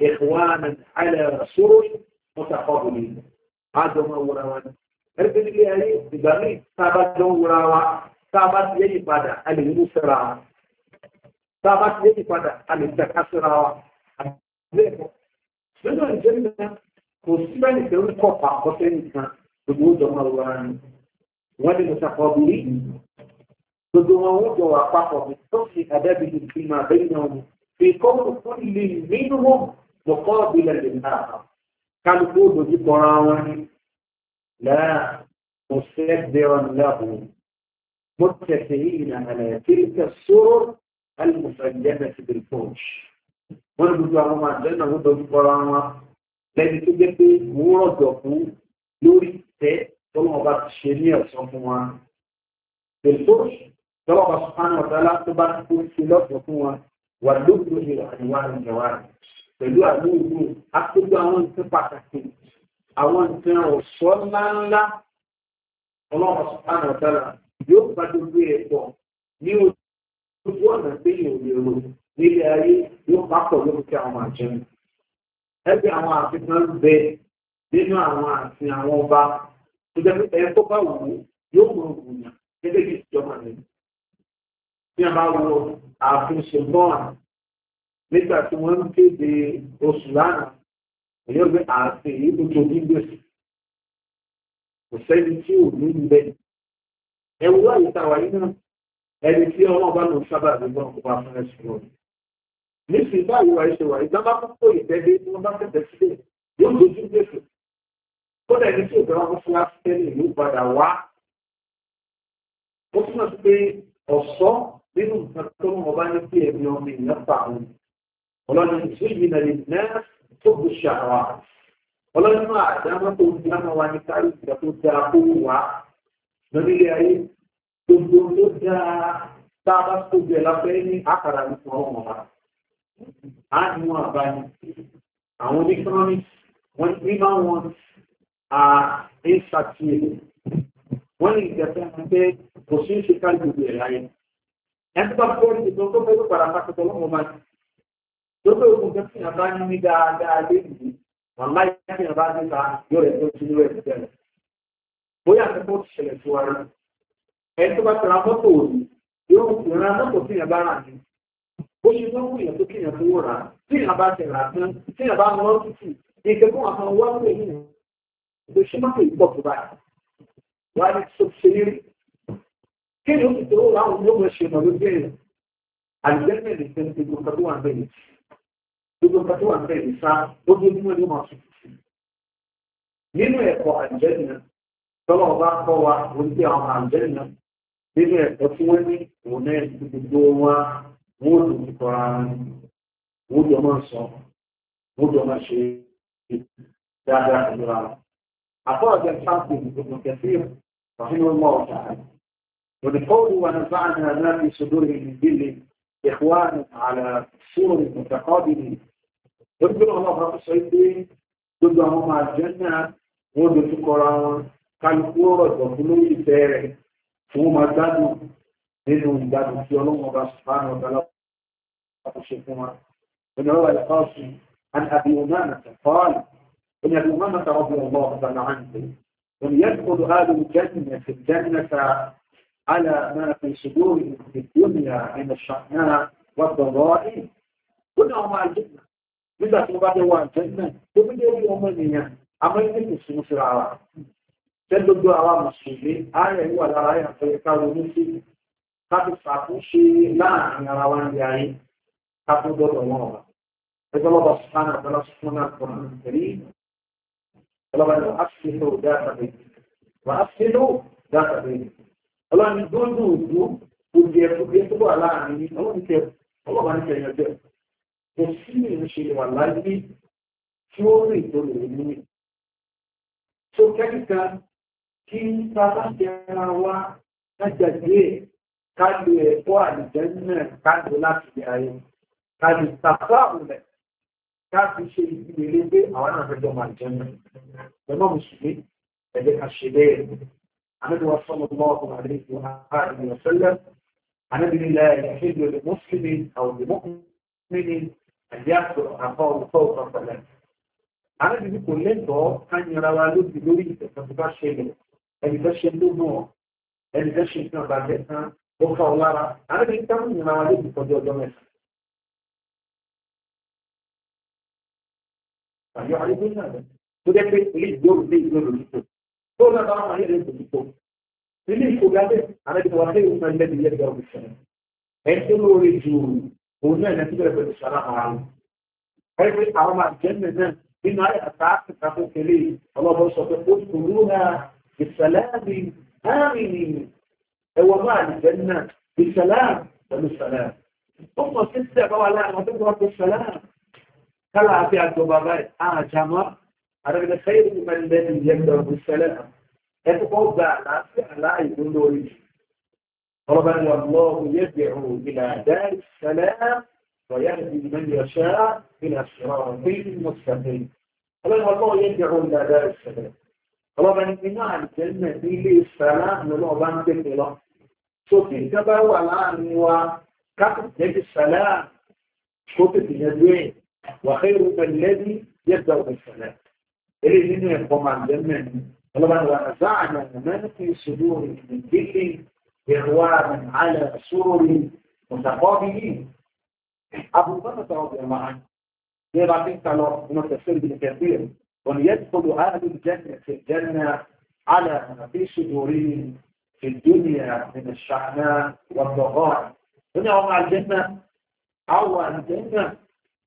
ikhwana ala sururi mutaqabilin àjọmọ̀ wúra wa ní ẹgbẹ́ nílé ayé ìgbà ní sábà jọ wúra wa sábà ti yẹ́ ìpadà a lè mú síra wa sábà ti yẹ́ ìpadà a lè tẹ̀ka síra wa àbẹ́ẹ̀kọ́ nínú aljanna kò síbẹ̀ nìkan ń kọ̀ pàkọ́sẹ́ nìkan gbogbo ọjọ́ máa wúra ni egbe nile aye igba ni saba jo wura wa saba ti ye ipada a le mu sira wa saba ti ye ipada a le teka sira wa abeeko ninu aljanna ko sibe nikan n ko pakose nikan gbogbo ojo wura ni wọ́n ní mùsàkọ́bí rí gbogbo wọn ó jọ wà papọ̀ mi tó fi àdábì ní fi máa bẹ́ẹ̀ náà ni fi kọ́kọ́ tó lè nínú wọn lọ́kọ́ ìbílẹ̀ lè nà á kálukú lójú kọ́ra wọn ni láà mo fẹ́ bẹ́ẹ̀ láàbò mo tẹ̀sẹ̀ yìí nà àlẹ́ kíríkà sóró alùpùpù bilfọ́j wọ́n ní gbogbo àwọn máa bẹ́ẹ̀ náà ó dojú kọ́ra wọn lẹ́ni tó jẹ́ pé mo rọ̀jọ̀ fún lórí tẹ́ tọ́lọ́wọ́ bá ti ṣe ní ẹ̀sọ́ fún wa pẹ̀lú tọ́lọ́wọ́ bá sùpánù ọ̀dálá tó bá kó ṣe lọ́sọ̀ fún wa wà lóògùn ní àríwá ní ìjọba rẹ̀ pẹ̀lú àlóògùn akéwì àwọn nǹkan pàtàkì àwọn nǹkan ọ̀ṣọ́ ńláńlá tọ́lọ́wọ́ sùpánù ọ̀dálá yóò bá gbogbo ẹ̀ pọ̀ ní ojú ọ̀nà pé yóò lè ro nílé ayé yóò bá pọ̀ lórúkọ àwọn àjẹmí ẹgbẹ́ àwọn àfikún bẹ nínú àwọn àti àwọn ọba ẹ tó bá wù ú yóò mọ ògùn yàn gẹ́gẹ́ bí ìjọba rẹ̀. Bí a bá wo ààfin Ṣèmọ́ọ̀n nígbà tí wọ́n ń kéde oṣù lánàá, èyí de gbé ààfin yìí tó tóbi o que sẹ́ni tí ò ní ilẹ̀. Ẹ o que eu a wà yín náà, não tí ọmọ bá lò sábà ní wọn kó bá fún ẹsùn lọ. Nísìnyí báyìí wà ṣe wà, ìjọba kókó ìtẹ́lé tí kódà ẹni tí òbẹ̀rẹ̀ wọn fúnra tẹ́lẹ̀ ló padà wá ó túmọ̀ sí pé ọ̀ṣọ́ nínú nǹkan tó ń ọba ní pé ẹ̀mí ọmọ ènìyàn pa àwọn ọlọ́run tí yìí nà lè ná tó kù ṣàwà ọlọ́run náà àdámọ́ tó ń dáná wa ní kárí ìgbà tó dáa kó wà lórílẹ̀ ayé gbogbo ló dáa tá a bá tó bẹ̀ lápẹ́ ní àkàrà nípa ọmọ wa á àbáyé àwọn oníkọ́nọ́mì wọn ní máa wọn a insatisfeito. Wọ́n lè gbẹ̀fẹ́ mú pé kò sí ṣe ká gbogbo ẹ̀ láyé. Ẹni bá kọ́ ní ìdán Todo fẹ́ ló padà máa tọ́tọ́ lọ́mọ máa ní. Lókè ogun tó fi hàn bá ní ní dáadáa lé ìlú, wọ́n láì fi hàn bá níta yóò rẹ̀ tó tún rẹ̀ bẹ̀rẹ̀. Bóyá àtẹ́kọ́ ti ṣẹlẹ̀ tó wa rẹ̀. Ẹni tó bá tẹ̀ra mọ́tò òní, yóò rán mọ́tò fi hàn bá rà ní. Bó ṣe tó ń wù yàn tó kí yàn tó wò rà, tí yàn bá tẹ̀ra tán, tí yàn bá mọ́ tutù, ìkẹ́kọ̀ọ́ àtàwọn wá pè ní Deixa uma coisa popular. Lá no subsídio. Quem não ficou lá, o meu chama do dinheiro. Àlùjẹ́nà lè fẹ́ ti gbogbo tó wà bẹ́ẹ̀ sí. Gbogbo tó wà bẹ́ẹ̀ sá lójoojúmọ́ ni wọ́n sùn. Nínú ẹ̀kọ́ àlùjẹ́nà, tọ́lọ̀ bá kọ́ wa orí àwọn àlùjẹ́nà. Nínú ẹ̀kọ́ tí wọ́n ní òun náà gbogbo wa wọ́n lò أخرج الحاكم ابن كثير رحمه الله تعالى وبقوله ونفعنا ما في صدورهم من جل إخوان على صور متقابلين ربنا الله رب السعيدين ضد هم على الجنة وضد القرآن كالكورة وكلهم يفارق ثم دانوا منهم دانوا في يوم الله سبحانه وتعالى أبو شيخ عمر القاسم عن أبي أمامة قال إن الأمامة رضي الله تعالى عنه أن يدخل هذا الجنة في الجنة على ما في صدور في الدنيا من الشحناء والضرائي كل أمام الجنة من ذلك مبادة هو الجنة ومن ذلك أمامية اما في مصر العرب تلو الدعاء مصري آية هو الآية في كارو نسي قد سعطوشي لا أن يروان يعني, يعني. قد دور الله إذا الله سبحانه وتعالى سبحانه القرآن الكريم ọlọ́run ní àṣìṣe òdá àtàbẹ̀yìn wà á ṣe ló dá àtàbẹ̀yìn ọlọ́run ní gbọ́dọ̀ òdú òdì ẹ̀kọ́gbé tó wà láàrin ní ọlọ́run tẹ ọlọ́run ní kẹyìn ọjọ́ kò sí ìrìnṣe wà láyé tí ó rìn tó lè ní mi. tó kẹ́kíkà kí bàbá jẹ ara wa lájàgbé ká lo ẹ̀kọ́ àlùjẹ́ náà ká lo láti ayé ká lo tàbá òun láti ṣe ìgbìlẹ̀ pé àwọn náà fẹ́ jọ máa jẹun pẹ̀lú mùsùlùmí ẹ̀jẹ̀ ká ṣe bẹ́ẹ̀ anábì wa sọ́nà ọmọ ọkùnrin àdéhùn fún àbá ìgbìmọ̀ sẹ́lẹ̀ anábì nílẹ̀ ìṣèlú ẹ̀lẹ̀ mùsùlùmí àwọn ìmọ̀kùnrin àjẹ́ àpò àpá olùkọ́ òkan pẹ̀lẹ́ anábì ní kò lẹ́tọ̀ọ́ kányẹra wa lóbi lórí ìtẹ̀sán tó bá ṣẹlẹ̀ ẹni fẹ́ ṣe lónà ẹni fẹ́ ṣe nǹkan bàjẹ́ tán ó kà ọ lára anábì ní káwọn يعرفون هذا poder ter feliz Deus fez no mundo. Toda a maneira do mundo. Feliz jogada, a gente vai ter uma linda de Deus do chão. Este é o origem, o não é natural para deixar a alma. Aí foi a alma janna né? E na hora da tarde, tá com feliz. Allah vai só ter os curuha بالسلام آمنين هو معنى الجنة بالسلام بالسلام ثم ستة بقى لا ما تقدر بالسلام كالعافية باباي آه أنا أرغب خير من بين يمدر السلام يتقوض العافية لا يقولوا لي ربنا الله يدعو إلى دار السلام ويهدي من يشاء إلى الصراط المستقيم ربنا الله يدعو إلى دار السلام ربنا إنا الجنة إلى السلام لله بنت الله سوتي كبا ولا نوا كتب السلام سوتي تجدوين وخيرك الذي يبدأ بالصلاة إليه إنه يقوم عن جمعنا ولما ونزعنا ما في صدور من ذكر إغواما على سور متقابلين أبو بكر رضي الله عنه يبقى انت لو تفسير كثير وليدخل أهل الجنة في الجنة على ما في صدورهم في الدنيا من الشحناء والضغائن هنا هم على الجنة أو الجنة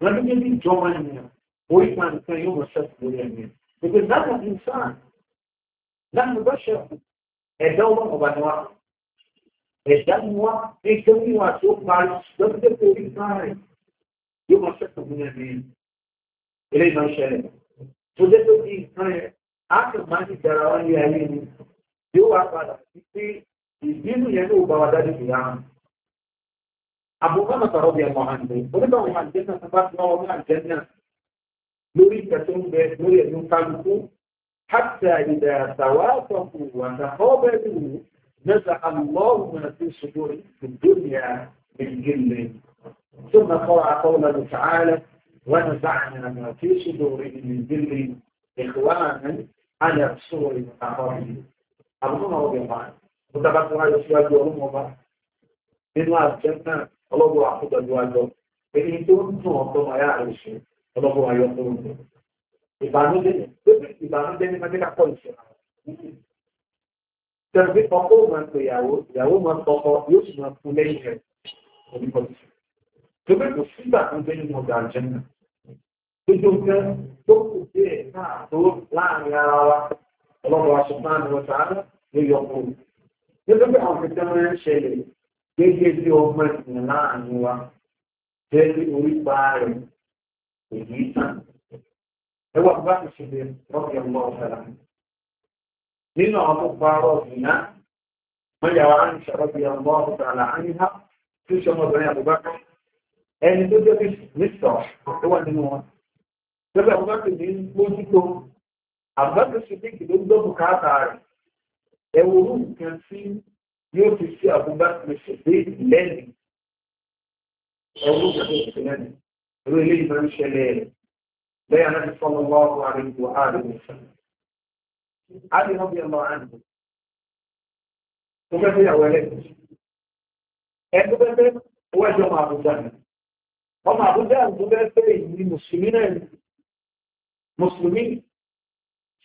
gẹ́gẹ́ bí ìjọba ènìyàn orí kan nìkan yóò mọ̀ ṣẹ́kù lórí ẹ̀mí because that has been signed that has been ṣẹ́kù ẹ̀dá ọmọ ọba ni wá ẹ̀dá ni wá nǹkan bí wà tó parí lọ́sídẹ̀ tó rí sáré yóò mọ̀ ṣẹ́kù lórí ẹ̀mí ilé ìmọ̀ ìṣẹ̀lẹ̀ tó dé tó di nǹkan yẹn á kàn máa ní ìdára wá ní ayé ni yóò wá padà sí pé ìbínú yẹn ló bá wa أبو هريرة رضي الله عنه ونبقى مع الجنة فقط نوع مع الجنة نريد تنبه نريد نخلقه حتى إذا توافقوا وتقابلوا نزع الله ما في صدور في الدنيا من جل ثم قرأ قوله تعالى ونزعنا ما في صدور من جل إخوانا على صور متقابلين أبو هريرة رضي الله عنه متبقى على سؤال يوم وبعد من الجنة ọlọ́gbọ̀n àkójọjú àjọ èyí tó ń tún ọ̀tọ́ máa yára rẹ̀ ṣe ọlọ́gbọ̀n ayọ́ tó ń tún ìbànújẹ́ ìbànújẹ́ ní májẹ́ká pọ̀ ìṣẹ̀lá tẹ̀lé ọkọ̀ máa ń pè ìyàwó ìyàwó máa ń tọkọ yóò sì máa fún lẹ́yìn rẹ̀ oníkọ̀ tó bẹ́ẹ̀ kò sí ìbànújẹ́ nínú ọgbà àjẹ́ náà gbogbo nǹkan tó kù díẹ̀ náà tó láàrin ara wa ọlọ́gbọ̀n aṣọ máa ń lọ sàárẹ̀ ló yọ kúrò nítorí àwọn kẹtẹ́ wọn ń ṣẹlẹ̀ gẹ́gẹ́ bí ọgbọ́n ìsìn láàrin wa jẹ́ bí orípa rẹ̀ èyí tán. Ẹ wà bá ti ṣe lè rọ́bì ọmọ ọ̀fẹ́ra. Nínú àwọn tó parọ́ ìná, wọ́n yà wá ń ṣàrọ́bì ọmọ ọ̀fẹ́ra àníhá tí ó ṣe ọmọbìnrin àbúbákọ́. Ẹni tó jẹ́ bí mítọ̀ tó wà nínú wọn. Bẹ́ẹ̀ bá ti ní mójútó, àbúbákọ́ ṣe dé ìgbẹ́ يوسف في أبو بكر الصديق لاني في أبو سلمان رجل من شلال لا النبي صلى الله عليه وآله وسلم علي رضي الله عنه وما في أولاد أبو بكر هو جمع أبو زهر هم أبو زهر أبو بكر المسلمين المسلمين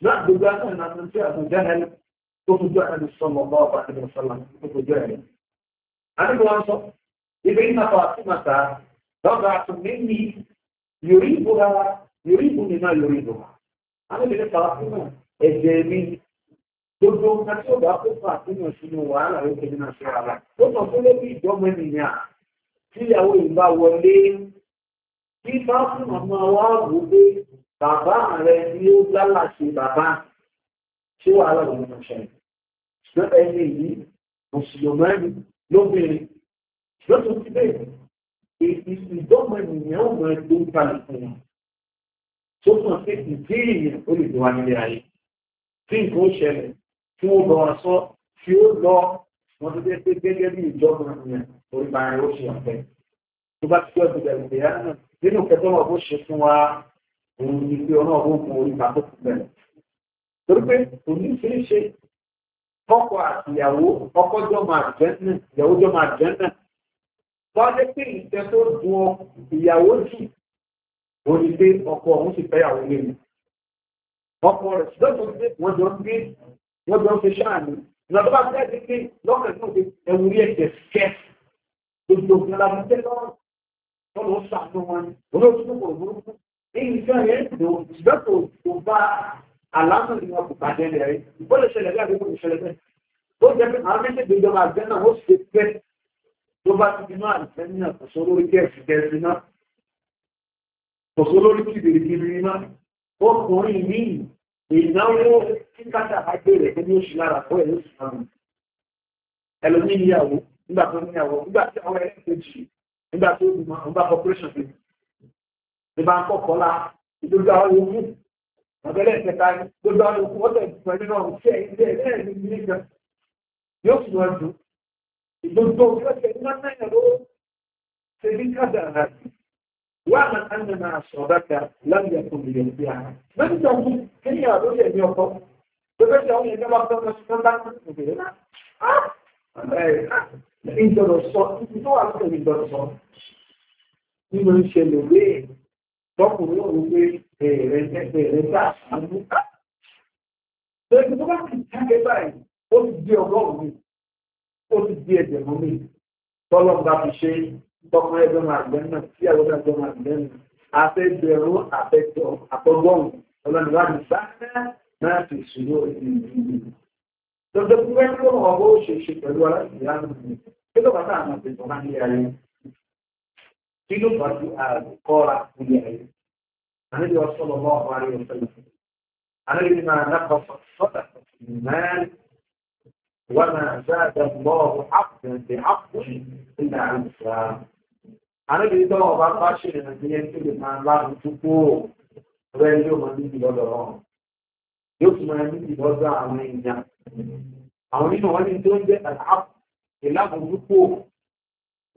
لا أبو بكر أنا من في أبو زهر tókùjọ́ ẹni sọmọ bá ọba ẹni sọlá tókùjọ́ ẹni. Àdúgbò wọn sọ, ibi ní nàfà àti màtà, lọ́gà àtúnmí ni yorí ìbò rárá, yorí ìbò nínú yorí ìbò. Àwọn ìbílẹ̀ fà á fún mi, ẹ̀jẹ̀ mi, gbogbo nǹkan tí ó bá kó fà sínú ìṣúná wàhálà ló ti nínú ṣọ́ra rà. Ó sọ fún lóbi ìjọba ènìyàn tí ìyàwó ìgbà wọlé tí bá fún ọmọ ṣé wàhálà ló ń ṣẹlẹ̀ ṣùgbọ́n ẹni yìí mùsùlùmí lóbìnrin lọ́tún ti bẹ́ẹ̀ ìdọ́mọ ènìyàn ò mọ ẹgbẹ́ ń kalẹ̀ fún wọn tó mọ̀ pé ìdí èèyàn ó lè wà nílé ayé tí nǹkan ó ṣẹlẹ̀ tí wọ́n bọ̀ wọn sọ tí ó lọ wọn tó jẹ́ pé gẹ́gẹ́ bí ìjọba ènìyàn orí máa rẹ̀ ó ṣe ọ̀fẹ́ tó bá ti jọ́ ìbẹ̀rẹ̀ ìgbéyà náà nínú kẹtọ́ wọn bó ṣe fún wa òun ni pé ọlọ́run ó gun orí bá tó kù bẹ̀rẹ̀ torí pé òní ṣeé ṣe ọkọ àtìyàwó ọkọ jọmọ àjẹnà ìyàwó jọmọ àjẹnà wọ́n lé pé ìtẹ́ tó dùn ọ ìyàwó jù ó ní pé ọkọ ọ̀hún sì fẹ́yàwó lé mi ọkọ rẹ̀ ṣùgbọ́n tó ń gbé wọ́n jọ ń gbé wọ́n jọ ń fi ṣáàní ìlànà bá fẹ́ ti pé lọ́kàn náà pé ẹ̀wù rí ẹ̀jẹ̀ kẹ́ gbogbo òfin alábi lọ́rùn wọ́n àlàáfíà ni wọn kò bá dé rẹ̀ bó lè ṣẹlẹ̀ bí àgbẹ̀kọ̀ lè ṣẹlẹ̀ bẹ́ẹ̀ ó jẹ́ pé àwọn méjèèjì ìjọba àgbẹ̀ náà ó ṣe pẹ́ tó bá ti di náà àgbẹ̀ ní àkóso lórí gẹ̀ẹ́sì gẹ̀ẹ́sì náà kòsó lórí kìdìrì kìdìrì náà ọkùnrin ní ìnáwó kíkàtà àgbèrè ní oṣù lára fún ẹ̀yọ́ ìsìnkú ẹlòmí níyàwó nígbà tó níyàwó nígbà tí àwọn corporation fi ní bá ń kọ́kọ́ lá ìdójú ọ̀bẹ̀rẹ̀ ìṣẹ̀ta ni gbogbo àwọn òkú wọ́n tẹ̀sí pẹ̀lú náà ṣe ilé ẹ̀ ní ilé ìjọ yóò sì wọ́n dùn ìgbogbo òkú ọ̀sẹ̀ ní wọ́n náà ló ṣe ní kájà rẹ̀ wọ́n àmà àmì máa sọ ọ̀dàkà lábẹ́ ẹ̀kọ́ mi yẹn sí ara lọ́dún tó kú kí ni àwọn olóṣèlú ẹ̀mí ọkọ gbogbo ẹ̀sẹ̀ àwọn ẹ̀mí ọkọ tó ṣe bá ń tẹ̀lé ìjọba sọ ìjọba wà lókè ìjọba sọ nínú Èrè jẹ́ èrè bá àmú. Lẹ́yìn tó bá ti jáde báyìí, ó ti di ọgọ́rùn-ún mi, ó ti di ẹgbẹ̀rún mi. Tọ́lọ́ bá fi ṣe tọkùnrin ẹgbẹ́ máa gbẹ́ náà sí àwọn ẹgbẹ́ máa gbẹ́ náà. Afẹ́gbẹ̀rún àfẹ́jọ àtọ́gọ́rùn-ún ọlọ́run wá ní sáà náà ti ṣùgbọ́n ìdílé. Lọ́jọ́ tó wẹ́ kó wọn bó ṣe ṣe pẹ̀lú aláìsíyá lónìí, kí ló bá tá àwọn àgbẹ̀tọ̀ máa النبي صلى الله عليه وسلم النبي ما نقص صدقة المال وما زاد الله عبدا بعبد إلا عن الإسلام النبي صلى الله عليه وسلم النبي ما الله تقول rẹ yóò máa níbi lọ́dọ̀ ọ̀hún yóò tún máa níbi lọ́dọ̀ àwọn èèyàn àwọn nínú wọn ní tó ń jẹ́ àlàáfù ìlàbùdúkò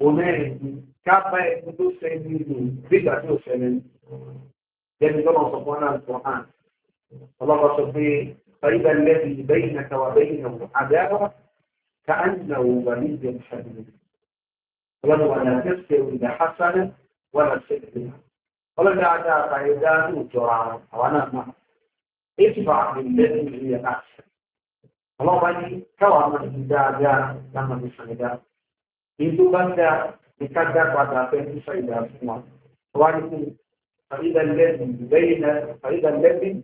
òun ẹ̀yìn ká bá ẹni tó fẹ́ nínú gbígbà tó fẹ́ nínú لكن كما صفونا القرآن الله صفيه فإذا الذي بينك وبينه عداوة كأنه ولي حميد ولو أنا تستوي بحسنة ولا سيئة ولو أعداء فإذا ترى وأنا معه ادفع بالذي هي أحسن الله بني كوا من إذا جاء لما بسنجا إذا بندا بكذا قد أتيت سيدا سمع وأنا فريدا لازم بين فريدا لازم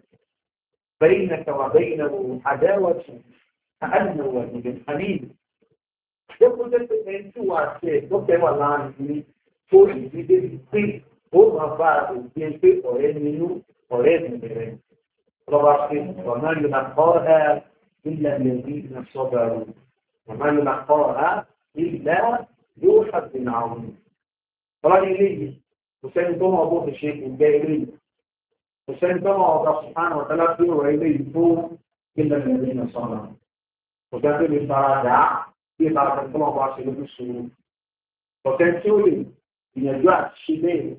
بينك وبينه عداوة تأمل وجب حميد يقول لك أن سوى شيء وكما لعنني فوق جديد في هو فاعل جديد في أورينيو أورينيو رواحين وما ينقاها إلا الذين صبروا وما ينقاها إلا يوحى بن عون فلا يليه kò sẹ́ni tó mọ̀ bó ti ṣe ìgbẹ́ ilé kò sẹ́ni tó mọ̀ ọ̀gá sùpánù ọ̀tẹ́lá tí ó rẹ̀ ilé yìí tó ilẹ̀ ìlú ìlú sọ̀nà kò jẹ́ pé lè fara dà á bí ìta ọ̀tẹ́ tó mọ̀ bá ṣe lójú sùúrù ọ̀tẹ́ tí ó lè ìyẹ̀dú àti ṣe bẹ́ẹ̀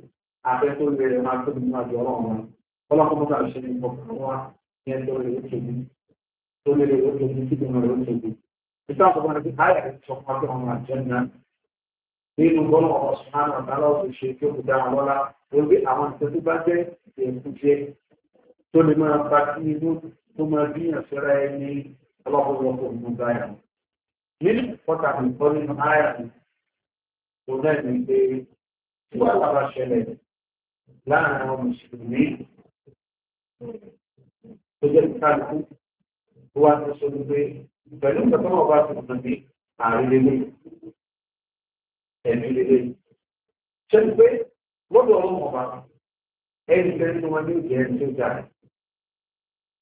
abẹ́ tó nínú bọ́lá ọmọ sùnmánù ọ̀dálá ọ̀sẹ̀ ṣe tí ó kù dára lọ́la lórí àwọn ìṣẹ́ tó bá jẹ́ èkú jẹ́ tó lè máa bá sí inú tó máa bíyàn síra ẹni ọlọ́pọ̀lọpọ̀ ìlú báyà. nínú pọ́tàkì nǹkan nínú àyà mi kò náà ní pé tí wàá lábà ṣẹlẹ̀ láàrin àwọn mùsùlùmí tó jẹ́ kálukú tó wá tó sọ pé pẹ̀lú ìgbà tó wọ́n bá tó ẹ̀mí lélẹ̀ ṣe ń pé lọ́dọ̀ ọlọ́run ọba ẹni bẹ́ẹ̀ ni wọ́n ní ìjẹ́ ẹni tó jà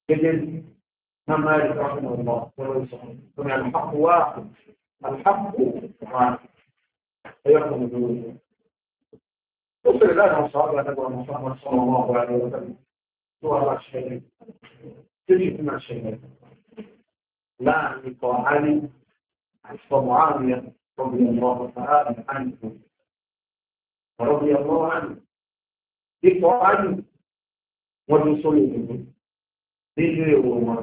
gẹ́gẹ́ bí mama rẹ̀ káfíńà ọmọ ọ̀rọ̀ ìṣòro tó ní àlùfáàkù wá àlùfáàkù wá ẹ̀yọ́ kan ní ìlú ó fẹ̀rẹ̀ láàrín ọ̀sán àgbà àtàgbà ọmọ fún àwọn ọmọ ọba rẹ̀ ọ̀tá tó wà wá ṣẹlẹ̀ tó ní ìtumọ̀ ṣẹlẹ̀ láàrín ikọ̀ àárín àti ọmọ àárín رضي الله تعالى عنه ورضي الله عنه ipò ayù wọn ti sọ ìdìbò nínú èrò wọn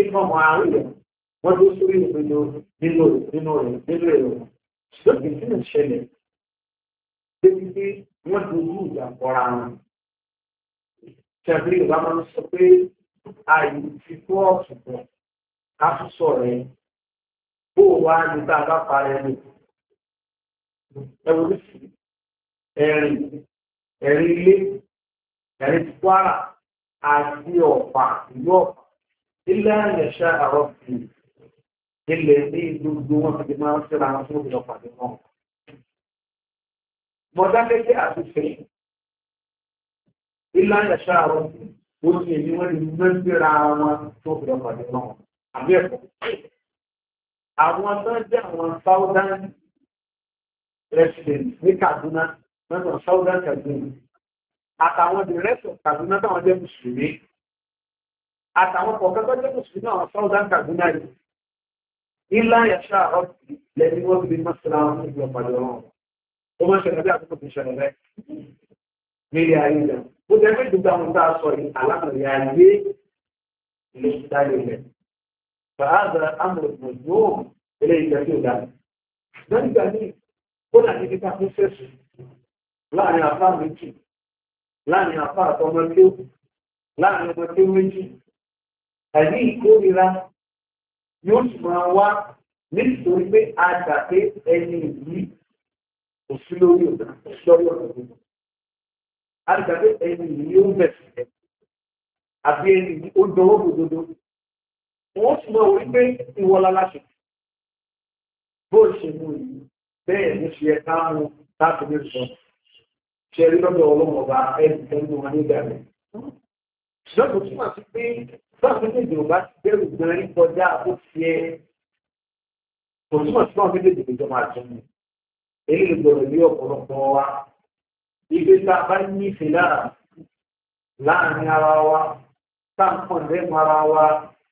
ipò ọmọ àríyá wọn ti sọ ìdìbò nínú nínú rẹ nínú èrò wọn lókè tí mo ṣẹlẹ̀ débi pé wọn ti rú ìjà kọra wọn ṣẹlẹ̀ yorùbá máa ń sọ pé àyè ti kó ọ̀sùn pọ̀ ká tún sọ̀rọ̀ yẹn bó wá ní bá bá parẹ́ lò ẹwọ́n sí ẹ̀rìn ẹ̀rìn ilé ẹ̀rìn kwara àti ọ̀pá ìlú ọ̀pá ilé àyẹ̀ṣẹ́ àrọ́pì ilẹ̀ ní gbogbo wọn ti máa ń síra fún ìlú ọ̀pá ní wọn. mọ̀dákẹ́kẹ́ àti fẹ̀yìn ilé àyẹ̀ṣẹ́ àrọ́pì ó ti èmi wọ́n ti mẹ́sìra wọn fún ìlú ọ̀pá ní wọn àbí ẹ̀kọ́ àwọn tó jẹ́ àwọn southern residents ní Kaduna mẹ́sàn southern Kaduna àtàwọn the rest of Kaduna táwọn jẹ́ mùsùlùmí àtàwọn kọ̀ọ̀kan tó jẹ́ mùsùlùmí àwọn southern Kaduna yìí ilá yàtọ̀ àrọ́bì lẹ́ni wọ́n fi mọ́sálà wọn ní ìjọba lọ́wọ́ ó máa ń ṣẹlẹ̀ bí àkókò tó ṣẹlẹ̀ rẹ̀ nílé ayé rẹ̀ ó jẹ́ pé gbogbo àwọn tá a sọ yìí alámọ̀lẹ́ ayé ló ń dá lé rẹ̀. فهذا أمر مذموم إليه يجوز ذلك ذلك يعني لا يقام لا يقام لا هذه يسمى و a gbà pé ẹni yìí kò sí lórí ọ̀dà kò sí lórí ọ̀dà wọ́n ti mọ̀ wípé ìwọ̀lá láṣẹ. Bó ṣe mú yìí, bẹ́ẹ̀ ní ṣe ẹ̀ka àrùn láti ní ìsọ. Ṣé rí lọ́dọ̀ ọlọ́run ọba ẹni tẹ́lú wọn nígbà rẹ̀? Ṣọ́dọ̀ túmọ̀ sí pé báwo ní ìjọba ti bẹ̀rù gan rí kọjá ó fi ẹ. Kò túmọ̀ sí báwọn méjèèjì lè jọ máa jẹun. Èyí lè gbọdọ̀ ní ọ̀pọ̀lọpọ̀ wa. Ibi tá a bá ní ìfẹ́ lára láàárín ara wa, tá a ń lẹ́nu ara wa,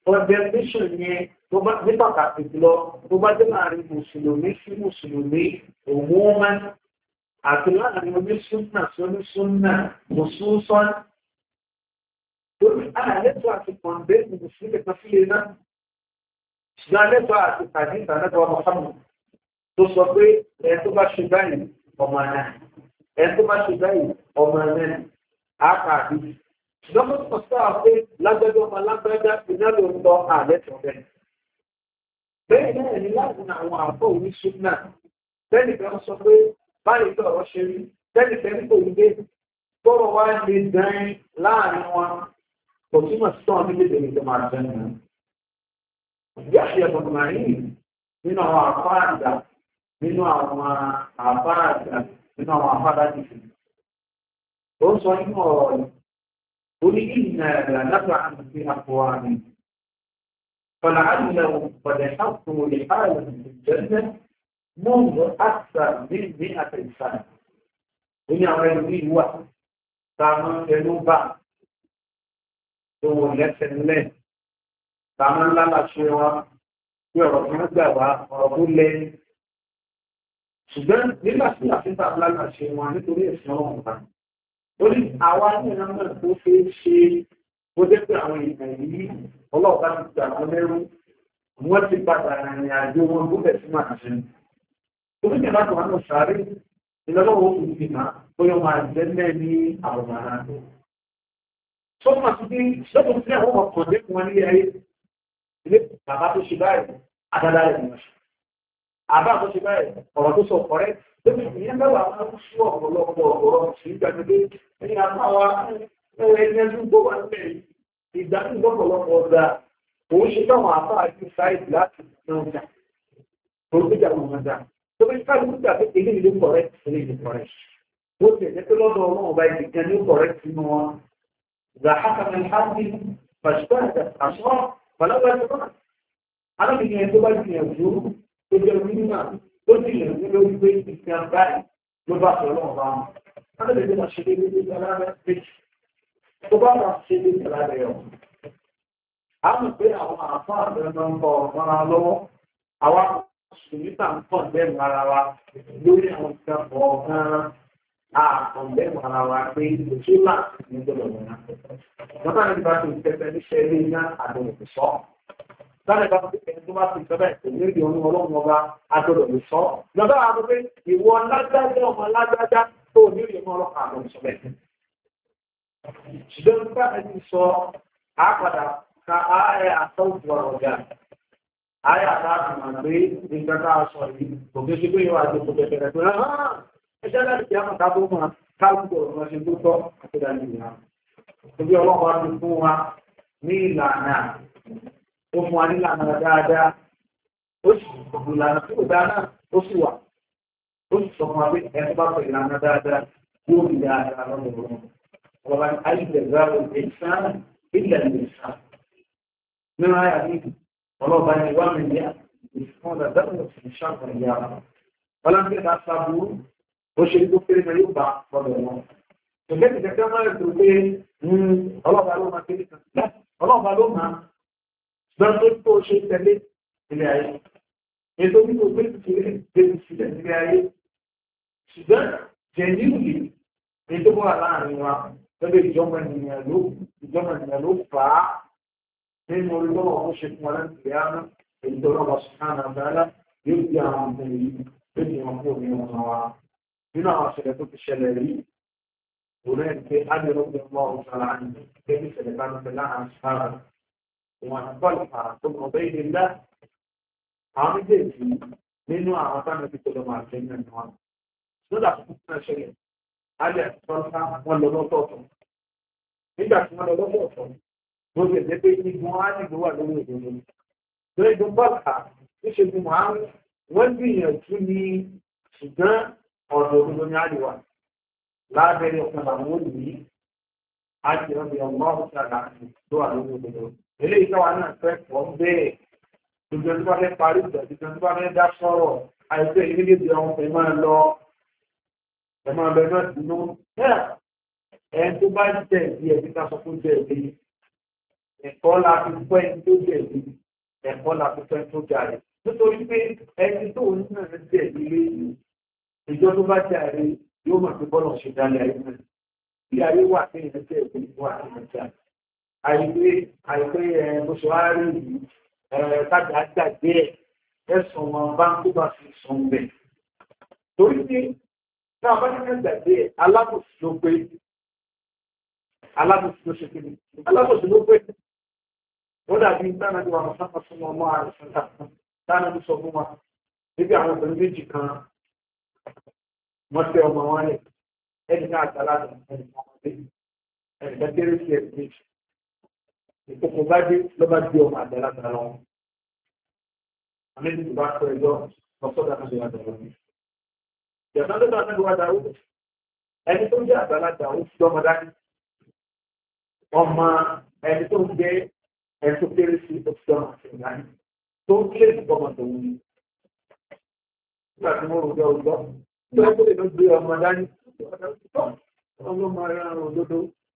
condemnation yẹn tó bá ní pàtàkì jùlọ tó bá dé láàrin mùsùlùmí sí mùsùlùmí òmùmán àti láàrin onísúnà sí onísúnà mùsùlùmán lórí àlẹ́tọ̀ àti condemn mùsùlùmí kan sílé náà ṣùgbọ́n àlẹ́tọ̀ àti tàbí ìtànẹ́tọ̀ ọmọ tó sọ pé ẹ tó bá ṣe báyìí ọmọ náà ẹ tó bá ṣe báyìí ọmọ náà á á bí lọ́mọ kan sáà pé lágbẹ́jọ́ ọmọ lágbẹ́já iná ló ń lọ ààrẹ tó bẹ́ẹ̀. bẹ́ẹ̀ náà ni láti ní àwọn àpò oníṣẹ́ náà bẹ́ẹ̀ni kan sọ pé báyìí tó ọ̀rọ̀ ṣe rí bẹ́ẹ̀ni kan kò ní dé tọ́rọ̀ wá lè dán láàrin wọn kò túmọ̀ sí tán ní lédè nìkan máa jẹ́ nù. bí a ṣe ọmọ màá yìí nínú àwọn àpá nínú àwọn àpá nínú àwọn àpá àgbà ó sọ nínú ọ̀rọ̀ yìí قل إنا لنطعن في أقوام فلعله قد حطوا لحالهم في الجنة منذ أكثر من مئة سنة إن أعلم به واحد تعمل جنوبا دون لسن له تعمل لنا شيئا يرى من الجواب ورقول له ṣùgbọ́n nígbà tí àfihàn aláàṣẹ wọn nítorí ẹ̀sìn torí àwa ní ìlànà tó ṣe é ṣe bó jẹ́ pé àwọn èèyàn yìí ọlọ́ọ̀bá ti gbà wọn lẹ́rú wọ́n ti padà rìnrìn àjò wọn tó bẹ̀ sí màá ṣe. Torí ní láti wọn lọ sáré ìlọ́lọ́wọ́ òkú ti mà bóyá máa jẹ́ mẹ́ ní àwọn ará àbá tó ṣe báyìí ọ̀rọ̀ tó sọ ọ̀rẹ́ lórí ìyẹn mẹ́wàá máa ń ṣú ọ̀pọ̀lọpọ̀ ọ̀rọ̀ sí ìgbàgbé ní àpáwa ẹgbẹ́jú gbọ́wà nílẹ̀ ìdánù lọ́pọ̀lọpọ̀ ọ̀dà òun ṣe táwọn àpá àti sáìdì láti náà jà tó gbéjà wọn máa dà tó bí ká ló gbà pé ilé ìlú kọ̀rẹ́ ilé ìlú kọ̀rẹ́ ó ti ẹ̀jẹ̀ pé lọ́dọ̀ ọlọ́run ọba ìdí kan ní kọ̀rẹ́ sínú wọn zahakana hadi fàṣípàṣẹ àṣọ pàlọ́pàá tó bá alábìyẹn tó bá gbìyànjú tó jẹ́ mímọ̀ tó jìnà sí lórí pé ìsìn àbáyé ló bá sọ lọ́wọ́ bá wọn. Láti lè máa ṣe déédéé ní ìgbàlára méjì. Tó bá máa ṣe déédéé ìgbàlára ẹ̀ ọ̀. A mọ̀ pé àwọn àfáà bẹ̀rẹ̀ máa ń bọ̀ mọ́ra lọ́wọ́. Àwa sùnítà ń pọ̀ lẹ́nu ara wa lórí àwọn ìkan kọ̀ọ̀kan àkànlẹ́nu ara wa pé òṣù náà ní gbọ́dọ̀ wọn. Bàbá mi bá ti ń tẹ́tẹ́ níṣẹ́ ilé iná láti ada fún ẹni tó bá ti sọ èmi rí ọ̀nà ọlọ́run ọba agbọ́dọ̀ lè sọ. Bàbá àwọn pé ìwọ lágbájá ọmọ lágbájá tó ní rí ọmọ ọlọ́run àgbọ̀n sọ Ṣùgbọ́n bá ẹni sọ àpàdà ka ààrẹ àtọ́jú ọ̀rọ̀ ọ̀gá. Ààrẹ àtàkùn máa gbé nígbà tá a sọ yìí. Òkè ṣe pé ìwà àti òkè bẹ̀rẹ̀ pé ah, ẹ̀ṣẹ́ láti fi àmọ̀ta ṣe tó tọ́ àti ó fún wa nílànà dáadáa ó sì gbogbo ìlànà tí kò dáa náà ó sì wà ó sì sọ fún wa pé ẹni bá fẹ́ ìlànà dáadáa yóò rí dáadáa lọ́dọ̀ lọ́wọ́ ọba ní ayílẹ̀ gbáàbò ìsán ilẹ̀ ìsán nínú ayà ní ọlọ́ọ̀bá ní wà mí yá ìsán dáadáa sì ń ṣàkóso ìyá wa ọlọ́ọ̀bá ní ká sábúrú ó ṣe tó péré náà yóò bá lọ́dọ̀ wọn ṣùgbọ́n ìjẹ́kẹ́ máa ń rẹ̀ tó pé ọlọ́ọ̀bá ló máa ṣùgbọ́n tó tó ṣe tẹ̀lé ilé ayé ètò nípa ògbé ìtìlẹ̀ débi sílẹ̀ ilé ayé ṣùgbọ́n jẹ̀nìlì ètò wọn láàrin wa lọ́dọ̀ ìjọba ènìyàn ló ìjọba ènìyàn ló fà á nínú orí lọ́wọ́ ó ṣe fún ọlẹ́ ìlẹ̀ àná èyí tó lọ́wọ́ sùkánà bẹ́ẹ̀lá yóò di àwọn ọmọ yìí ló di wọn kúrò nínú ọmọ wa nínú àwọn àṣẹlẹ̀ tó ti ṣẹlẹ̀ rí òun náà ń pe ádùn ọgbẹ́ ọmọ ọ̀sán láàrin gẹ́gẹ́ bí ìṣẹ̀lẹ̀ bá ń pẹ́ láàrin sára ومعطلها ثم عبيد الله àwọn méjèèjì nínú àwọn táwọn ẹbí tó lọ máa jẹ nínú ẹnu wọn lọ́dà tó kúkú náà ṣẹlẹ̀ alẹ́ àtúntà wọn lọ lọ́tọ̀ọ̀tọ̀ nígbà tí wọ́n lọ lọ́tọ̀ọ̀tọ̀ mo lè lé pé igun á nìgbò wà lórí èdè wọn lórí igun bọ́ọ̀kà níṣẹ́ ni wọ́n á wọ́n gbìyànjú ní ṣùgbọ́n ọ̀dọ̀ òdodo ní àríwá lábẹ́rẹ́ ọ̀kan làwọn ò ní àjẹrọ̀ bí ọmọ ọ̀sán eléyìí táwa náà fẹ́ pọ̀ ń bẹ́ẹ̀ gbogbo ẹni tó bá fẹ́ parí ìgbà gbogbo ẹni tó bá fẹ́ dá sọ̀rọ̀ àìsí èyí méjèèjì ọ̀hún ẹ̀ máa lọ ẹ̀ máa lọ ẹ̀ máa dùnú náà ẹ̀ tó bá jẹ̀ bí ẹ̀ níta sọ fún jẹ̀ bí ẹ̀kọ́ la fi pẹ́ ẹni tó jẹ̀ bí ẹ̀kọ́ la fi pẹ́ ẹni tó jà rẹ̀ nítorí pé ẹni tó ń náà jẹ̀ bí léyìí ìjọ tó bá jà yóò mọ̀ pé bọ́lọ̀ ṣe àìpé àìpé ẹ̀ẹ́dọ́sọ àárí yìí ẹ̀ẹ́dájà àgbàgbé ẹ̀ ẹ̀sùn wọn bá ń tó bá fi sùn bẹ̀. torí pé náà bá ní ẹ̀gbàgbé ẹ̀ alábòsí ló pé alábòsí ló ṣe kéde alábòsí ló pé ó dàbí tánàbí wa mọ̀sáfà fún wọn mọ́ àìsàn tàbí tánàbí sọ fún wa níbi àwọn obìnrin méjì kan wọ́n tẹ ọmọ wọn rẹ̀ ọmọdé ẹnì sí ẹ̀ ìkòkò bá dé lọ́ba di ọmọ àgbàlagbà lọ. àmì ìdìbò bá sọ ẹjọ́ lọ́sọ́dà náà lọ́wọ́ dàrú. ìyàtọ̀ ló dáa lọ́wọ́ dàrú ẹni tó jẹ́ àgbàlagbà ó fi ọmọ dání. ọmọ ẹni tó ń jẹ́ ẹni tó kéré sí òṣìṣẹ́ ọmọ àti ìlànà tó ń kílè ní ọmọ tó wù mí. nígbà tí mo rò jọ òjò tó ń kó lè ọmọ dání ọmọ máa rán òdodo.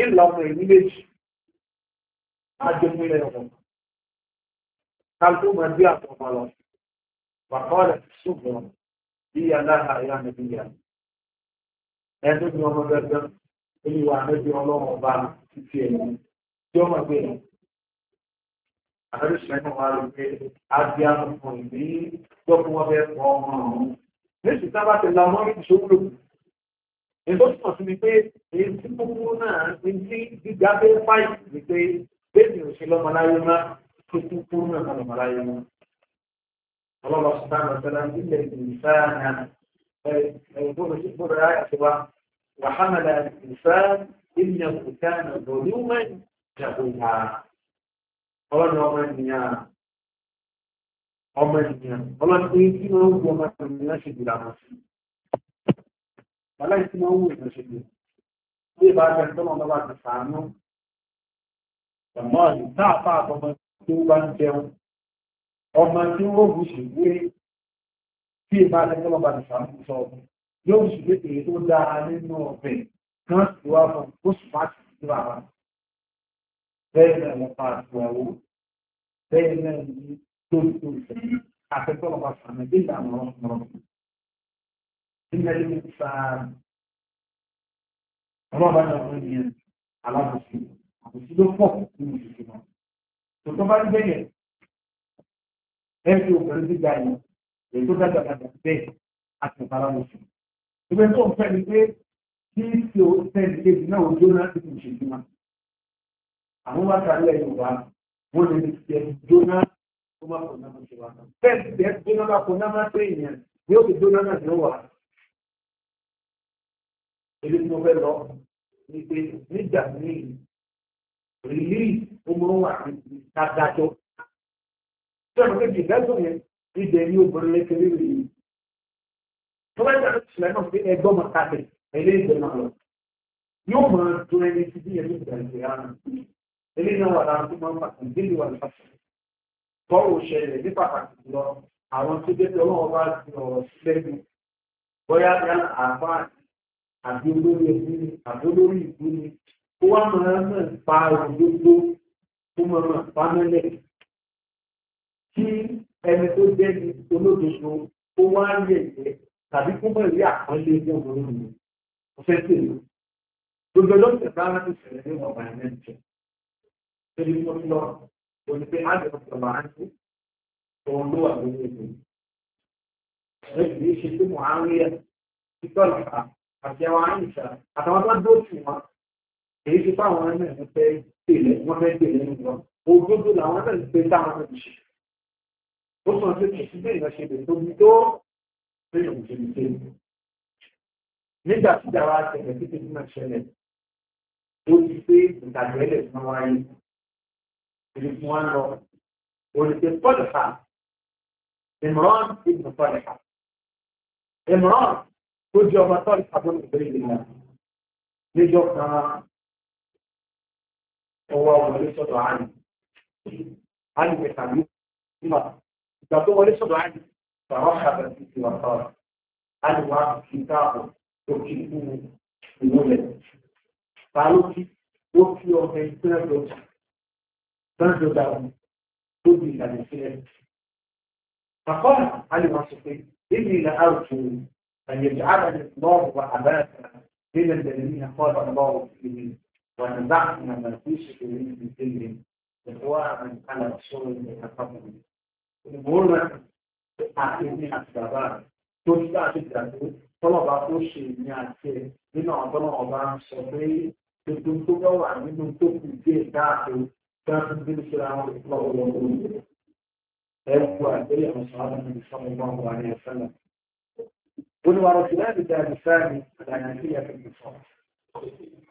ìlà ọmọ ìlú méjì ajọmọ ilẹ̀ ọmọ kálukú máa bí àtọmọ lọ wàkọọlẹ ṣùgbọ́n bí aláha ìyá nàbí yá ẹni ní ọmọ gẹ́gẹ́ olùwà àmẹbí Ọlọ́run ọba títí ẹ tí ọmọ gbé yẹn àbẹ̀rẹ̀ sẹ́yìn wà ló pé adé àwọn ọmọ ìlú gbọ́ fún wọn bẹ́ẹ̀ pọ̀ ọmọ ọ̀hún. méjì sábà ti la mọ́ ìṣòwò èso tí wọ́n ti ní pé èyí tí gbogbo náà ní ní gíga pé fáì ní pé bẹ́ẹ̀ni ò ṣe lọ́mọláyé má tó kú kúrú náà ká lọ́mọláyé má. ọlọ́wọ́ sọ́tà náà sọ́tà ní ilẹ̀ ìsáàna ẹ̀ẹ́dọ́gbọ̀n gbọ́dọ̀ ayé àti wa wàhámàlà ìsá ìlẹ̀ òkúta náà lòdì ọmọ ìjàgbó wa. ọlọ́ni ọmọ ènìyàn ọmọ ènìyàn ọlọ́ni pé kí wọ́n wú ọmọ ènìyàn ṣe wàláyé tí wọ́n wù ìtàn ṣe lè ìbá jẹ́ tó ti sàánú ẹ̀mọ́ ọ̀dì àpá àtọmọ tí ó bá ń jẹun ọmọ tí ó bù sì wé bí ìbá jẹ́ bá ti sàánú sọ yóò sì lè tèyí tó dára nínú ọ̀bẹ̀ kan sì wá fún ó sì sí bàbá bẹ́ẹ̀ náà wọ́n pa àtìwáwó bẹ́ẹ̀ nílẹ̀ ní sáàrì ọlọ́ọ̀bá náà fún ìyẹn alábòsí àbòsí ló pọ̀ nínú ìṣẹ̀ṣẹ̀ náà tó tó bá ń gbẹ̀yẹ̀ ẹ̀ṣẹ̀ òbẹ̀rẹ̀ gbígbà yìí èyí tó dájà dájà bẹ́ẹ̀ àti ìbára lọ sí o fẹ́ ní kejì náà ojú náà ti fi ṣèṣẹ̀ náà àwọn bá ta ilẹ̀ Yorùbá wọ́n lè ṣe jóná tó má kò náà ṣe wá náà bẹ́ẹ̀ bẹ́ẹ̀ jóná bá kò náà má pé èèyàn yóò fi jóná náà ní ó wà èdè tí mo fẹ́ lọ ni pé nígbà míì rìlíì ọmọọwà kájájọ tí wọn fẹ́ jìbẹ́ tó yẹn ibẹ̀ ni obìnrin lékeré rèé tó bá yàrá ìṣẹ̀lẹ̀ náà fi ẹgbọ́ máa kàkẹ́ ẹlẹ́ ìgbẹ́ máa lọ yóò máa dún ẹni tí bí ẹni ìgbà ìgbà yára eléyìí náà wà lára tó máa ń pàtàkì délé wà nípa tọ́rọ̀ ṣẹlẹ̀ ní pàtàkì lọ àwọn tó jẹ́ pé ọlọ́run bá ti ọ̀rọ̀ sílẹ̀ ní bóyá bí àbá àti àbí olórí ẹbí ni àbí olórí ìlú ni ó wá máa ń mọ̀ pa òdodo tó máa mọ̀ pa mọ́lẹ̀ kí ẹni tó jẹ́ ní olódodo ó wá ń yẹ̀ jẹ́ tàbí kó mọ̀ rí àpọ́nlé ní ọ̀rọ̀ mi kò fẹ́ sí mi gbogbo ọlọ́sẹ̀ bá ń ṣẹlẹ̀ ní ọ̀bà ẹ̀ mẹ́jọ torí mo lọ òní pé á lè ọ̀bà á sí òun ló wà lórí ẹ̀mí ẹ̀ kì ṣe pé mo á rí ẹ̀ àti àwọn àìsà àtàwọn tó dóòtù wọn èyí ti bá o náà ń fẹ́ ele wọ́n fẹ́ tèlé nínú wọn òdodo làwọn náà ń pe táwọn náà ti ṣe ó sọ pé kò sí bẹ́ẹ̀ ìránṣẹ́ lè tóbi tem lórí òṣèlú tó nígbà tí dára ṣẹlẹ̀ títí tí máa ṣẹlẹ̀ ó ti pé ìtàgbẹ́lẹ̀ tí wọ́n wáyé ìlú tí wọ́n lọ olùsè pọ́lùfà ìmọ̀ràn ìgbìmọ̀ pọ́lùfà ìmọ̀ràn tó jẹ́ ọmọ tọ́ ìpàdánù ìbẹ̀rẹ̀ ìlànà lẹ́jọ́ kan ẹwà wọlé sọ́dọ̀ àárín àárín mẹ́ta ní ìgbà ìgbà tó wọlé sọ́dọ̀ àárín bàbá ṣàbẹ̀ sí ti wà sọ́rọ̀ àárín wa kì í káàbọ̀ tó kì í fún ìwú rẹ̀ pàrọ̀ kí ó fi ọmọ ìpínlẹ̀ lọ́jà lọ́jọ́ dàrú tó di ìlànà ìpínlẹ̀. Àkọ́lá àárín wa sọ pé èmi ìlà àrùn أن يجعلنا الله وأباك من الذين قال الله فيهم ونزعنا ما في صدورهم من ذل من على رسول يتقبل الجمهور تعليمي أسبابا تشتى تدرسوا طلبة أشي نعكي من أعضاء أعضاء صبي تدوم تقوى من دون تقوى في داخل كان أيوة، من سلام الإطلاق والأمور أيها الأخوة أدري أن صحابة النبي صلى الله عليه وسلم قل ورجلان ذابسان العنادية في النصاب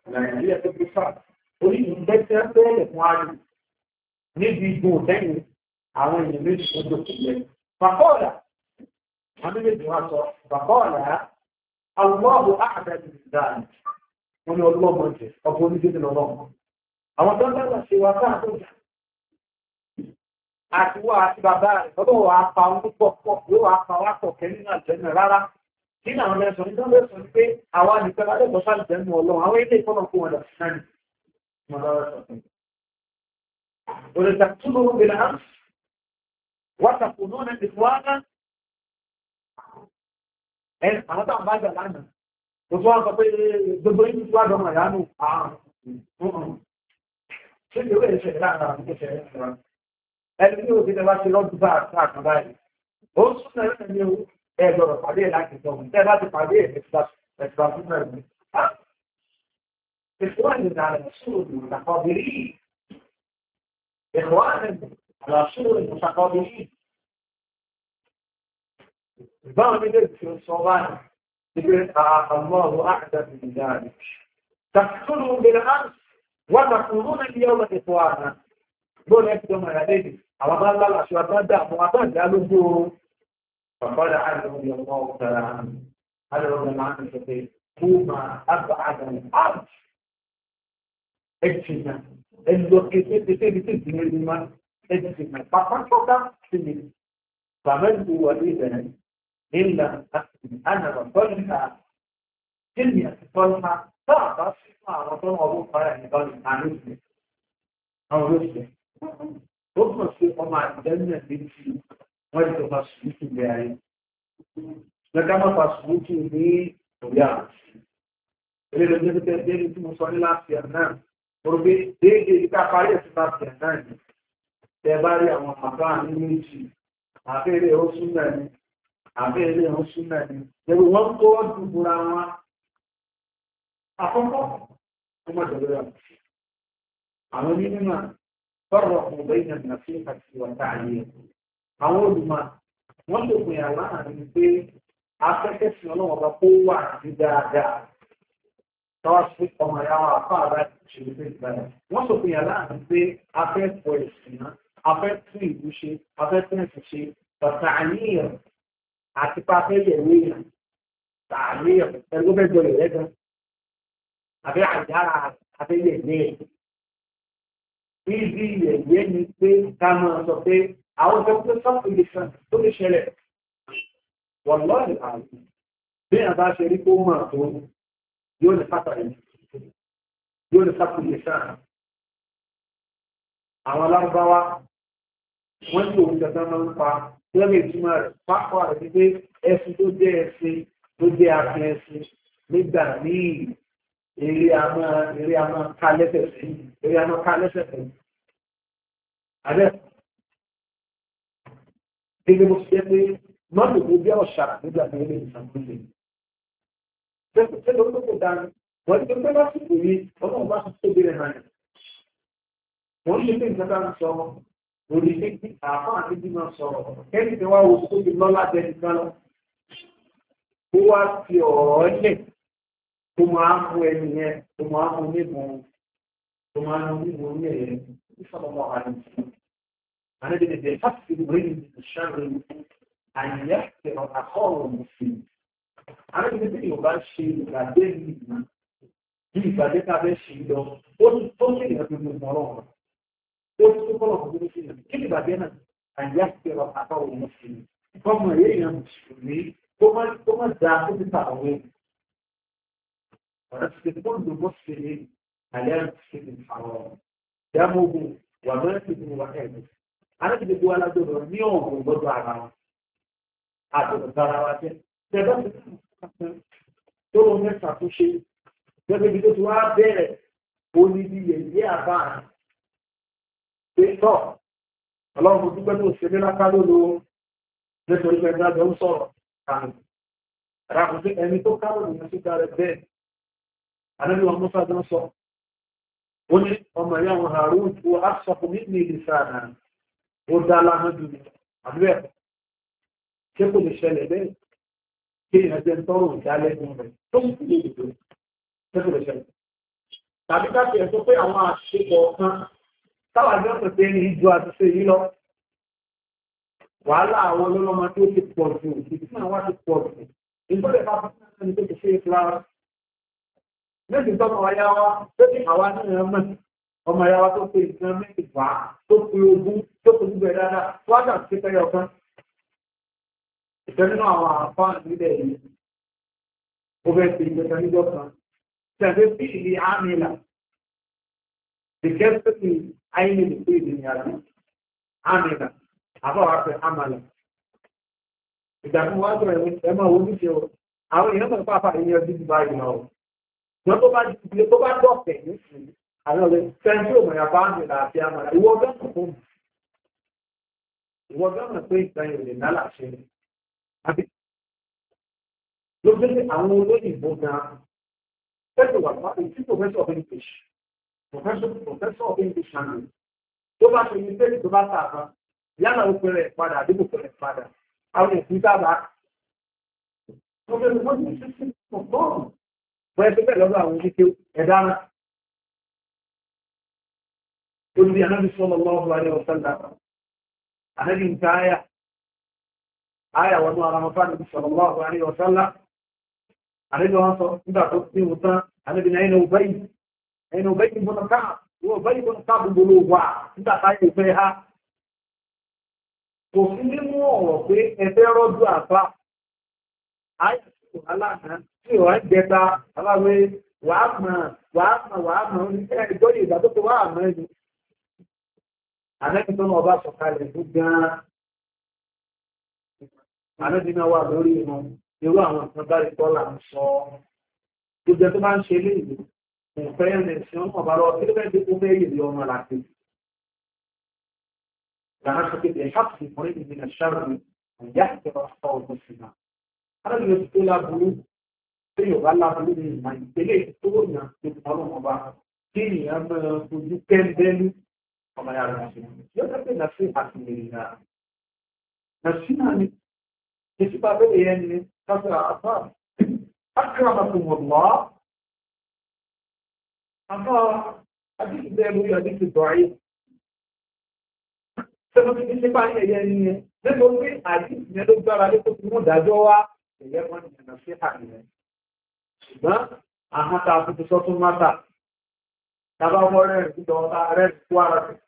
العنادية في النصاب قل إن ده سبب معلم níbi igun ọ̀tẹ́yìn àwọn èèyàn méjì ọjọ́ sílẹ̀. Bàkọ́ọ̀lá, àmì méjì wá sọ, bàkọ́ọ̀lá, àwọ̀lọ́ọ̀bù àkàtàkì dáàni, wọ́n ni ọlọ́mọ jẹ, ọkọ̀ oníjẹ́ ní ọlọ́mọ. Àwọn tó ń dágbà ṣe wá sáà tó jà. Àti wá àti bàbá rẹ̀, ọlọ́wọ́ wa pa wọn pọ̀ pọ̀, yóò wá pa wá pọ̀ kẹ́ nínú nínú àwọn ẹ̀sọ̀ ní dánwò sọ pé àwọn àdìpẹ́ alẹ́gbọ̀n sáàlùfẹ́ mú ọlọ́run àwọn ilé ìfọ́nà fún ọ̀dà sínú òrìṣà túnbọ̀ ló bèèrè hàn wátàkù náà ní ìfọ́ áná ẹ àwọn táwọn bá jà lánàá kò tó wọn sọ pé eh, gbogbo yìí tó àdọ́mọ̀ ìyanu ààrùn ṣé ìwé ìṣẹ̀lẹ̀ láàrín àwọn ìṣẹ̀lẹ̀ ẹni ní òbí ni wá ṣe lọ́dún bá àkàbáyé ó sún ẹ gbọ́dọ̀ pàdé láti sọ̀rọ̀ tẹ́ bá ti pàdé ẹ̀fà fún mẹ́rin. إخواننا على سور المتقابلين إخواننا على سور المتقابلين بعض في الصلاة يقول الله أعلم من ذلك تقتلهم بالأمس وتقولون اليوم إخوانا دون يكتم عليه على الله الأشياء تدع معطان لأنه فقال علي رضي الله تعالى عنه هل رضي عنه شفيه كما أبعد الأرض اجتماع اللي كتبت تبت من الماء اجتماع فقط سنين فمن هو اذا إلا أنا بصلها كلمة بصلها تعطى مع رسول الله صلى الله عليه وسلم عن رسله أو رسله ربما الشيخ ومع الجنة بالشيء wọ́n ti fa sùúrù lé ayé lọ́ká má fa sùúrù ní òbí àwọn eléyìí ló dé débi tí mo sọ ní láti ẹ̀ náà orúkọ déédéé ní ká parí ẹ̀sìn láti ẹ̀ náà ni tẹ bá rí àwọn bàbá mi méjì àbẹ́rẹ́ ó sún náà ni àbẹ́rẹ́ ó sún náà ni ẹ̀rù wọn tó wọ́n dùn búra àwọn olùmọ̀ wọ́n lè pè àlá àrùn pé afẹ́fẹ́ sí ọlọ́wọ́ bá kó wà ní dáadáa tọ́wọ́ sí ọmọ ìyá wa fún àbá ìṣèlú pé ìgbàlẹ̀ wọ́n sọ pé àlá àrùn pé afẹ́ pọ̀ ẹ̀sìn náà afẹ́ tún ìlú ṣe afẹ́ ẹ̀sìn ṣe bàtà àníyàn àti pàfẹ́ yẹ̀wé yàn tààmìyàn pẹ̀lú bẹ́ẹ̀ jọlẹ̀ lẹ́gbẹ̀ẹ́ àbí àjára afẹ́ yẹ̀wé yẹn. Bíbí yẹ̀wé ni pé ká máa sọ pé àwọn ìjọba sáàpù nìkan tó lè ṣẹlẹ̀ wọ́n lọ́ọ̀dì àrùn bí i àbá ṣe rí kó mọ̀ tó yóò ní pàtàkì yóò ní sáàpù nìkan àwọn alárúbáwá wọ́n tí òun jẹta máa ń pa lẹ́mí ìtumọ̀ rẹ̀ pápá rẹ̀ ti pé ẹ̀sìn tó jẹ́ ẹ̀sìn tó jẹ́ àfihàn ẹ̀sìn nígbà míì eré àmọ́ eré àmọ́ ká lẹ́sẹ̀ sí eré àmọ́ ká lẹ́sẹ̀ sí gẹ́gẹ́ bó ṣe pé mọ́tò tó bí ọ̀ṣàrà nígbà tó lè ṣàkóso. Ṣé ló lóko dára? Wọ́n ti pẹ́ bá sùkú yìí, ọlọ́run bá sùkú tóbi rẹ̀ hàn. Wọ́n ṣe pé nǹkan dára sọ lórí pé kí àáfà àti bí máa sọ̀rọ̀. Kẹ́ni ti wá wo sóbi lọ́lá jẹ́ni kan lọ. Ó wá fi ọ̀rọ̀ lẹ̀ tó máa mú ẹni yẹn, tó máa mú níbọn, tó máa mú níbọn ní ẹ̀yẹ, ní sábà máa wà ní ìsìn. معناه ان اللي يفسد بين الشر ان يحقر اخاه المسلم معناه ان اللي يباشر بعدين bí ìpàdé tàbí ṣe lọ ó tó ṣe ìrìnàjò ìgbìmọ̀ ọlọ́run ó tó kọ́ lọ́kùn tó ṣe ìrìnàjò kí ìpàdé náà àyà ìpẹ̀rọ àtàwọn ọmọ sí i fọmọ èyí ìyàn mùsùlùmí tó má dáa tó ti tàwọn ọmọ ọ̀rẹ́ ti tó lò mọ́ sí i àyà ìpẹ̀rọ àwọn ọmọ dáàmú ogun wà mẹ́rin tó ti wà ẹ̀ẹ́dẹ̀ẹ́ aláti gbogbo wa lágbọ̀dọ̀ ní ọ̀hún gbọ́dọ̀ ara wọn àgbọ̀dọ̀ dára wa jẹ́ tẹ̀lé tó lọ mẹ́ta tó ṣe gẹ́gẹ́ bí tó ti wá bẹ̀rẹ̀ oníbi yẹ̀yẹ́ àbá pé tọ́ ọlọ́run dúpẹ́ tó ṣe níláta lólo nítorí pé ẹgbẹ́ àjọ ń sọ̀rọ̀ àmì àràkùn sí ẹni tó káwọn ènìyàn sí dára bẹ́ẹ̀ àdébí wọn mọ́sá sọ ó ní ọmọ ìyá wọn àrùn tó á ní ìlú sáà ó dá láhán jù àbúrò ẹ̀kọ́ ṣé kò lè ṣẹlẹ̀ bẹ́ẹ̀ kí èèyàn jẹ́ tọ́rọ̀ ìdálẹ́gùn rẹ̀ tó ń fi lè dò ṣé kò lè ṣẹlẹ̀ tàbí káfí ẹ̀ sọ pé àwọn àṣepọ̀ kan táwa jẹ́ pẹ̀ pé ní ìjọ àtúnṣe yìí lọ wàhálà àwọn olólọ́mọ tó ti pọ̀ jù ìdílé àwọn ti pọ̀ jù ìgbọ́dọ̀ bá fún ọmọ ìyá wa tó pe nǹkan méjì wá tó pe ogún tó pe gbogbo ẹ̀ dáadáa tó wájà sí pé ọkàn ìkan nínú àwọn àfáà nílẹ̀ yìí ó fẹ́ fi ìjọba níjọ kan tẹ̀lé sí ìlú àmìlà ìkẹ́sìtì àìní ìlú ìdìyàn àmìlà àbáwá pé àmàlà ìdàkùn wá sọ̀rọ̀ ẹ̀ máa wo ojúṣe o àwọn èèyàn mọ̀ pàápàá ìyẹn ojú ti báyìí lọ. Ìjọba tó bá dọ̀kẹ̀ nísìnyí àná rẹ̀ sẹ́ńtì òmìnira bá ń rìn àti àmàlà ìwọ gánà fún mi ìwọ gánà pé ìtàn ìrìn náà làṣẹ ni àbí lójú ní àwọn olóyìnbó gan fẹ́sọ̀ wà fún àti professor of english professor professor of english àná tó bá ṣe ní fẹ́ẹ̀lì tó bá tà kan yálà ó pẹ̀rẹ̀ padà àdúgbò pẹ̀rẹ̀ padà àwọn èsì sábà tó fẹ́ẹ́ wọ́n ní sísí ọ̀gbọ́n bọ́ ẹ tó bẹ́ẹ̀ lọ́dọ̀ àwọn oníṣẹ́ ẹ̀dá náà. olùdí anábì sallallahu alaihi wasallam anábì ń ta àyà àyà wọn ní aramọ́fà níbi sallallahu alaihi wasallam anábì wọn sọ nígbà tó ti wù tán anábì náà ẹni ọba yìí ẹni ọba yìí bọ́n ká wọ́n ọba yìí bọ́n ká ha ọ̀rọ̀ pé ẹgbẹ́ tí wàá mọ̀ wàá mọ̀ wàá mọ̀ àmẹ́kì tó náà bá sọ̀kalẹ̀ fún gan-an àmẹ́bí náà wà lórí ìmọ̀ irú àwọn nǹkan bá rí kọ́là ń sọ gbogbo tó bá ń ṣe lé ìlú kò fẹ́ ẹ̀rẹ̀ sí ọmọ ọba lọ kí ló fẹ́ dínkù fẹ́ yèlé ọmọ làkè gbàrà sọ pé bẹ̀rẹ̀ ṣáàpù fún ìdí ìdí ṣáàpù ìyá ìjọba sọ ọdún sí náà alábì ló ti tó وما يعرف نفسه يقول نصيحة لله نصيحة نسبة بين قصر أطار أكرمكم الله أطار حديث زي أبوي حديث ضعيف sọ́dọ̀ tí ṣe bá ẹyẹ ni ẹ nítorí pé àdìsí yẹn ló gbára lé tó fi mú ìdájọ́ wá ẹ̀yẹ́ wọn ni ẹ̀nà sí àná ṣùgbọ́n àhàtà àti tó sọ́tún mátà Tàbá ọmọ rẹ̀ ìjọ ọba rẹ̀ kú ara rẹ̀.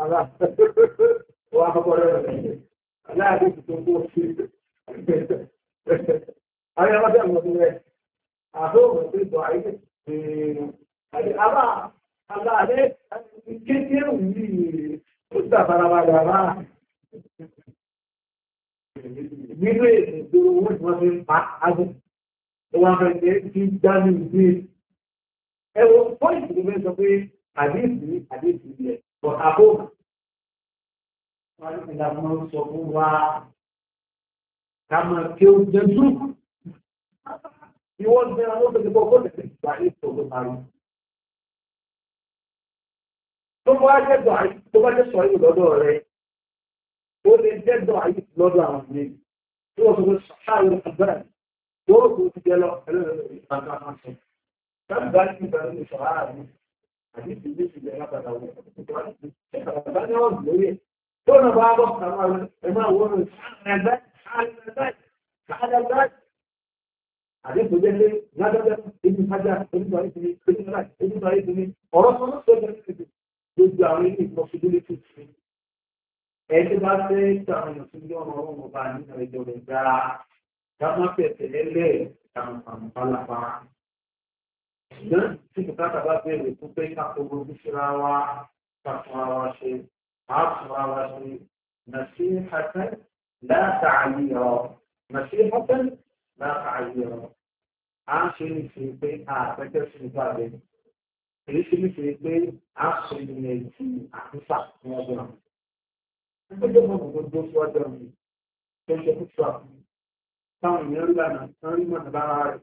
Àlá, wà ọmọ rẹ̀ rẹ̀. Aláàbí ti tó kó sí. Àwọn ọmọ bẹ́ẹ̀ mọ̀ sí rẹ̀. Àbó mọ̀ sí ìbọ̀ ayé. Àbá, àbá rẹ̀ kékeré yìí ó dà farabalẹ̀ àbá. Nínú èdè ìgboro owó ni wọ́n fi ń pa ágùn. Wọ́n fẹ́ jẹ́ kí dání ìgbé ẹwọ pọ́ìntì ló mẹ́sọ pé àdéhùn ní àdéhùn ilẹ̀ bọ̀ àbò wọn ti la máa ń sọ fún wa ká máa kí ó jẹ dùn ìwọ gbẹ àwọn obìnrin bọ kó tẹsí ìgbà ètò ló parí. tó bá jẹ́ dọ̀ àyè tó bá jẹ́ sọ àyè lọ́dọ̀ rẹ ó lè jẹ́ dọ̀ àyè lọ́dọ̀ àwọn obìnrin tí wọ́n sọ pé sàkáàlù àgbà yìí wọ́n rò pé ó ti jẹ́ lọ ẹlẹ́rìí ìgbà Báyìí ìbẹ̀rẹ̀ ní ṣọ̀rọ̀ àmì, àdíkì ilé ìṣẹ̀lẹ̀ lápàdà wọn. Ìgbà ní ọ̀dùn lórí ẹ̀. Tó nà bá bọ̀ àwọn ẹ̀mọ́ àwọn ọ̀rọ̀ ṣáàlẹ̀ báyìí, ṣáàlẹ̀ báyìí. Àdíkì ilé ilé lágbàdà ibi ìtajà onígbà ìsinmi, onígbà ìsinmi, ìsinmi. Ọ̀rọ̀ tó ló sọ̀rọ̀ ìsinmi. Gbogbo àwọn ilé ìmọ̀sibílítì ti. Ẹ ti bá fẹ́ ìtàn ìsinmi ọ̀rọ̀ ọ̀rọ̀ ọ̀bá nínú ìjọba ìgbà ṣùgbọ́n tí bùkátà bá bẹ̀rẹ̀ fún pé kápọ̀gbọ̀ bí síra wa kàfúnra wa ṣe àfúnra wa ṣe nàṣíhàtẹ́ látàáyírọ̀ nàṣíhàtẹ́ látàáyírọ̀ a ń ṣe ní fi pé àpẹtẹ sí ní bàbẹ èyí ṣe ní fi pé a ṣe ní ẹtì àtúnṣà ní ọjọ́ náà nígbàjọ́ mọ̀ gbogbo tó fún ọjọ́ mi tó ṣe fún ṣọ́ọ̀kì táwọn èèyàn rí lánàá tán rí mọ̀nà lára rẹ̀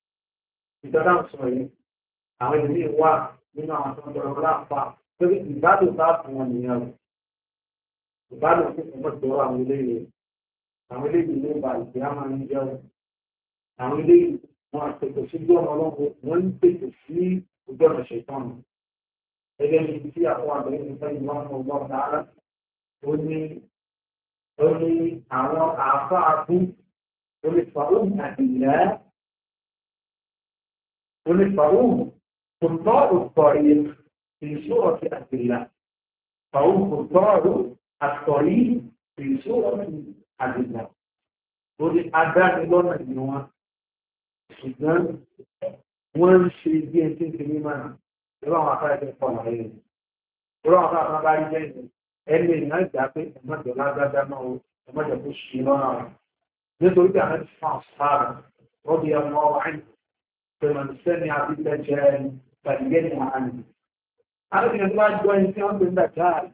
ìjọba ń sọ yìí àwọn ìlú wà nínú àwọn tó ń tọrọ láǹfà torí ìbádùn bá fún wọn nìyẹn o ìbádùn fún fún mọ́tò àwọn eléyìí àwọn eléyìí ló ba ìgbé àmà ń jẹ́ o àwọn eléyìí wọn àtètò sí bí ọmọ ọlọ́wọ́ wọn ń tètò sí ojú ọ̀nà ṣètàn ẹgbẹ́ mi tí àwọn àgbẹ̀yìn ní ní ó ní àwọn àáfàá bú وللطاعون قطاع الطريق في سورة أهل الله طاعون قطاع الطريق في سورة أهل الله ولي أداني لنا النواة ṣùgbọ́n wọ́n ń ṣe bí ẹ tí ń fi mímọ̀ ìrọ̀ àwọn afárá ti ń pọ̀ lọ́rẹ́ rẹ̀ ìrọ̀ àwọn afárá bá rí jẹ́ ẹni ìná ìgbà pé ẹ̀mọ́jọ lágbájá náà o ẹ̀mọ́jọ tó ṣe lọ́nà rẹ̀ nítorí pé àwọn ti fọ́n sára wọ́n di ọmọ ọmọ àìní فمن سمع بالدجال فلينهى عنه عرف ان الله جوا انسان بالدجال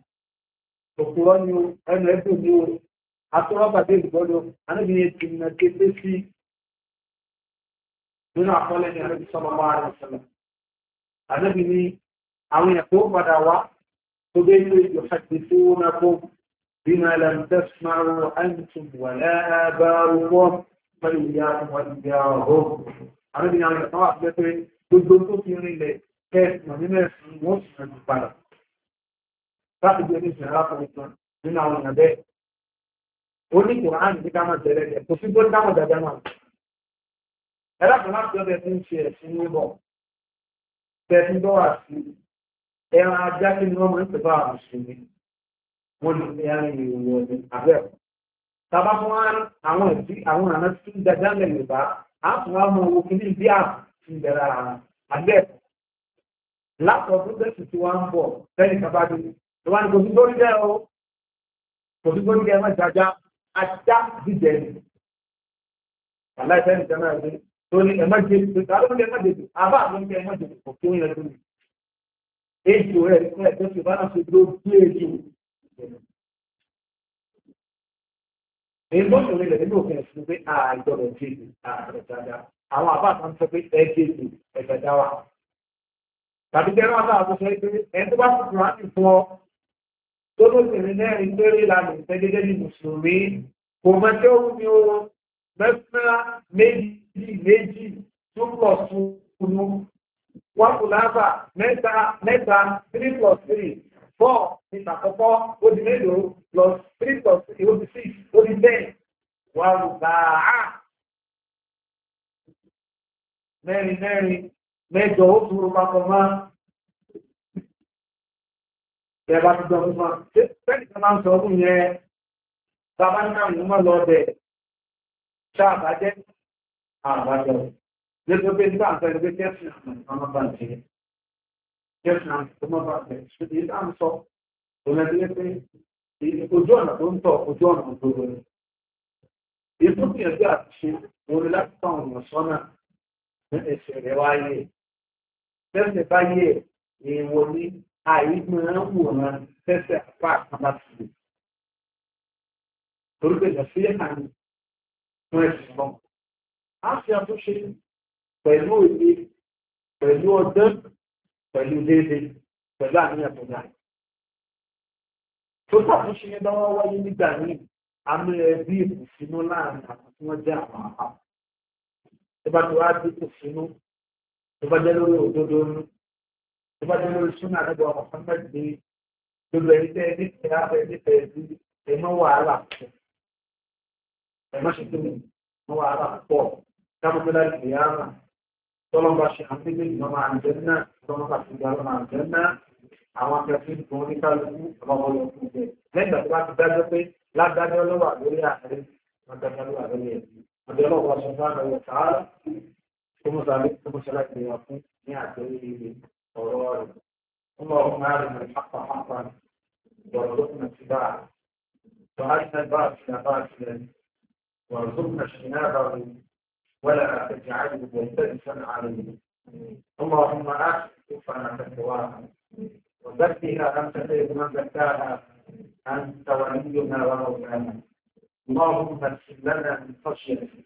وقرانه انا يبدو نور اطرا بعدين بقول له انا بني اتمنى كيف في من اقوال النبي صلى الله عليه وسلم انا بني او يقوم بدعوه فبين يحدثونكم بما لم تسمعوا انتم ولا اباؤكم فلياهم واياهم àwọn ènìyàn rẹ̀ kan wà pẹ́ pé gbogbo tó fi rinlẹ̀ kẹ́ẹ̀sì nínú ẹ̀sìn wọ́n sì rẹ̀ jù padà láti gbé ní ìṣẹ̀lá kọ̀ọ̀kan nínú àwọn èèyàn bẹ́ẹ̀ ó ní kùránì ní ká máa tẹ̀lé ẹ̀ kò sí gbọ́dọ̀ dáhùn dáadáa náà ẹlẹ́kùn láti ọbẹ̀ tí ń ṣe ẹ̀sìn ní bọ̀ tẹ̀sí bọ́wà sí ẹran ajá kí ni wọ́n máa ń pè bá àwọn ṣùgbọ́n wọ́n lè ẹran ìwọ̀n àbẹ̀wò tàbá fún àwọn ìdí àwọn àná tí ń dáadáa lẹ̀ àtúnwá mọ owó kìíní bí àpò ìbẹ̀rẹ̀ àgbẹ̀ látọ̀ tó bẹ́sù tí wọ́n ń bọ̀ lẹ́yìn kábàdé tó wá ní kò sí tó rí o kò sí tó rí dẹ́ ẹ má jájá ajá jíjẹ ni aláìsẹ́ nìkan náà ní tó ní ẹ má jẹ tó ta ló ní ẹ má jẹ tó àbá àló ní ẹ má jẹ tó kò kí ó yẹ tó ní èjò rẹ̀ èyí tó ṣòro ilẹ̀ nínú òfin ẹ̀sìn pé àìgbọ̀dọ̀ jèlè àìgbọ̀dọ̀ dáadáa àwọn àbá kan sọ pé ẹ jèlè ẹ̀jẹ̀ dá wà. tàbí kẹrẹ wọn náà tó sọ pé ẹ tó bá tuntun láti fún ọ tó ló sì rí náà ń péré lànà ìfẹ́ gẹ́gẹ́ bí mùsùlùmí kò mọ tí ó ní o mẹ́fúnná méjì méjì two plus two kunu wákùnláfà mẹ́ta mẹ́ta three plus three four ní ìtàkọ́kọ́ o di mélòó plus three plus three o di six ó di ten wà lù bàá mẹ́rin mẹ́rin mẹ́jọ ó tún ro papọ̀ mọ́ ìjọba ti jọ fún wa fẹ́ẹ̀lì kan máa ń sọ fún yẹn bàbá ní àwọn ọmọ lọ bẹ̀ ṣáà bàjẹ́ àbájọ lẹ́gbẹ̀ẹ́ nígbà tó ẹgbẹ́ tẹ́sí àwọn ọmọ bá ń ṣe kẹsàn-án tó má bàa bẹ̀ ṣùgbọ́n ìdá ń sọ tòlẹ́dílé pé ojú ọ̀nà tó ń tọ̀ ojú ọ̀nà òdodo ni. Ètò ìgbìyànjú àti ṣe orí láti táwọn èèyàn sọ́nà ní ẹsẹ̀ rẹ̀ wáyé. Tẹ́sẹ̀ bá yẹ èèwọ̀ ní àìgbọ̀n wòran tẹ́sẹ̀ apá àkàbà sí i. Torí pé pẹ̀lú èdè pẹ̀lú ọdún pẹ̀lú déédéé pẹ̀lú àníyàn tó dáa. tó sàtúnṣe yẹn bá wá wáyé nígbà míì àmì ẹbí ìkùnsínú láàrin àwọn tí wọ́n jẹ́ àwọn àpá. tó bá ti wá dé ìkùnsínú tó bá jẹ́ lórí òdodo nù tó bá jẹ́ lórí súnà nígbà ọmọ fẹ́mẹ́ gbé gbogbo ẹni tẹ́ ẹni tẹ́ abẹ́ ẹni tẹ́ ẹbí ẹ̀mọ́ wàhálà pọ̀ ẹ̀mọ́ ṣètò ẹ̀mọ́ wàhálà pọ̀ káàmù tọ́lọ́mbà ṣe àmìlẹ́ ìjọba àjẹ́nà tọ́lọ́mbà ṣe ìjọba àjẹ́nà àwọn akẹ́kọ̀ọ́ ní kan oníkálukú ọlọ́mọlọ fún jẹ lẹ́gbà tó bá ti dájọ́ pé ládájọ́ ló wà lórí ààrẹ ládájọ́ ló wà lórí ẹ̀sìn ọjọ́ náà wọ́n sọ fún àwọn sàárà tó mú sàárà tó mú sàárà ìgbéyà fún ní àjọyé ilé ọ̀rọ̀ rẹ̀ ọmọ ọmọ rẹ̀ mọ̀ pápá pápá وارزقنا اتباعه وارنا الباطل باطلا وارزقنا اجتنابه ولا تجعله ملتبسا عليه اللهم آت كفرنا تقواها وزكها أنت خير من زكاها أنت ولينا ومولانا اللهم اغفر لنا من خشيتك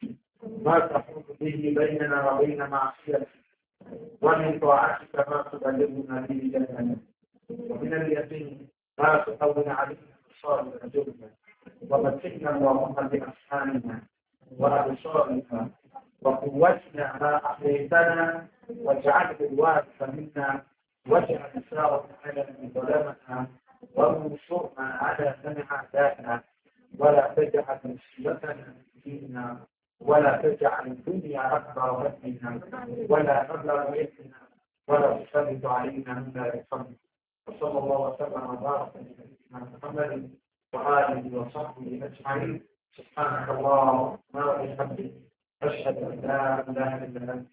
ما تحول به بيننا وبين معصيتك ومن طاعتك ما تبلغنا به جهنم ومن اليقين ما تهون عليه صالح اجرنا ومسكنا اللهم باصحابنا وأبصارنا وقوتنا ما أحييتنا واجعله الوارث منا واجعل إشارتنا على من ظلمنا وانصرنا على من عادانا ولا تجعل مصيبتنا فينا ديننا ولا تجعل الدنيا أكبر همنا ولا مبلغ علمنا ولا تسلط علينا من لا يرحمنا وصلى الله وسلم وبارك على سيدنا محمد وآله وصحبه أجمعين سبحانك اللهم وبحمدك أشهد أن لا إله إلا أنت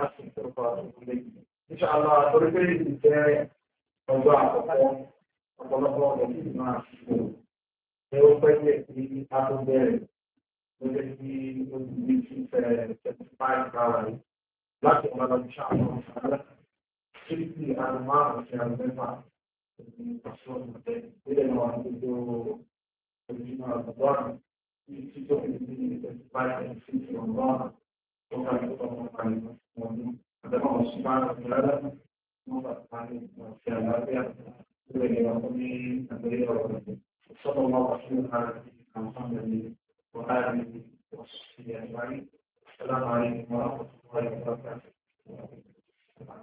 أستغفرك وأتوب إليك إن شاء الله تركي الجاي موضوع القرآن وطلبه الذي مع يوفيك في أبو داري وتجدي وتجدي في تسمعي كاري لكن أنا إن شاء الله تعالى شفتي أنا ما أعرف يعني ما أعرف التصور إلى ما أعرف الجمعة الضارة e se permitirem intensificar a difícil nova, tocar em toda uma país, até uma estimada melhora, não vai estar em uma realidade aberta. Deveria também, também, só para uma vacina para a canção de botar em os filhos vai, ela vai, ela vai, ela vai, ela vai,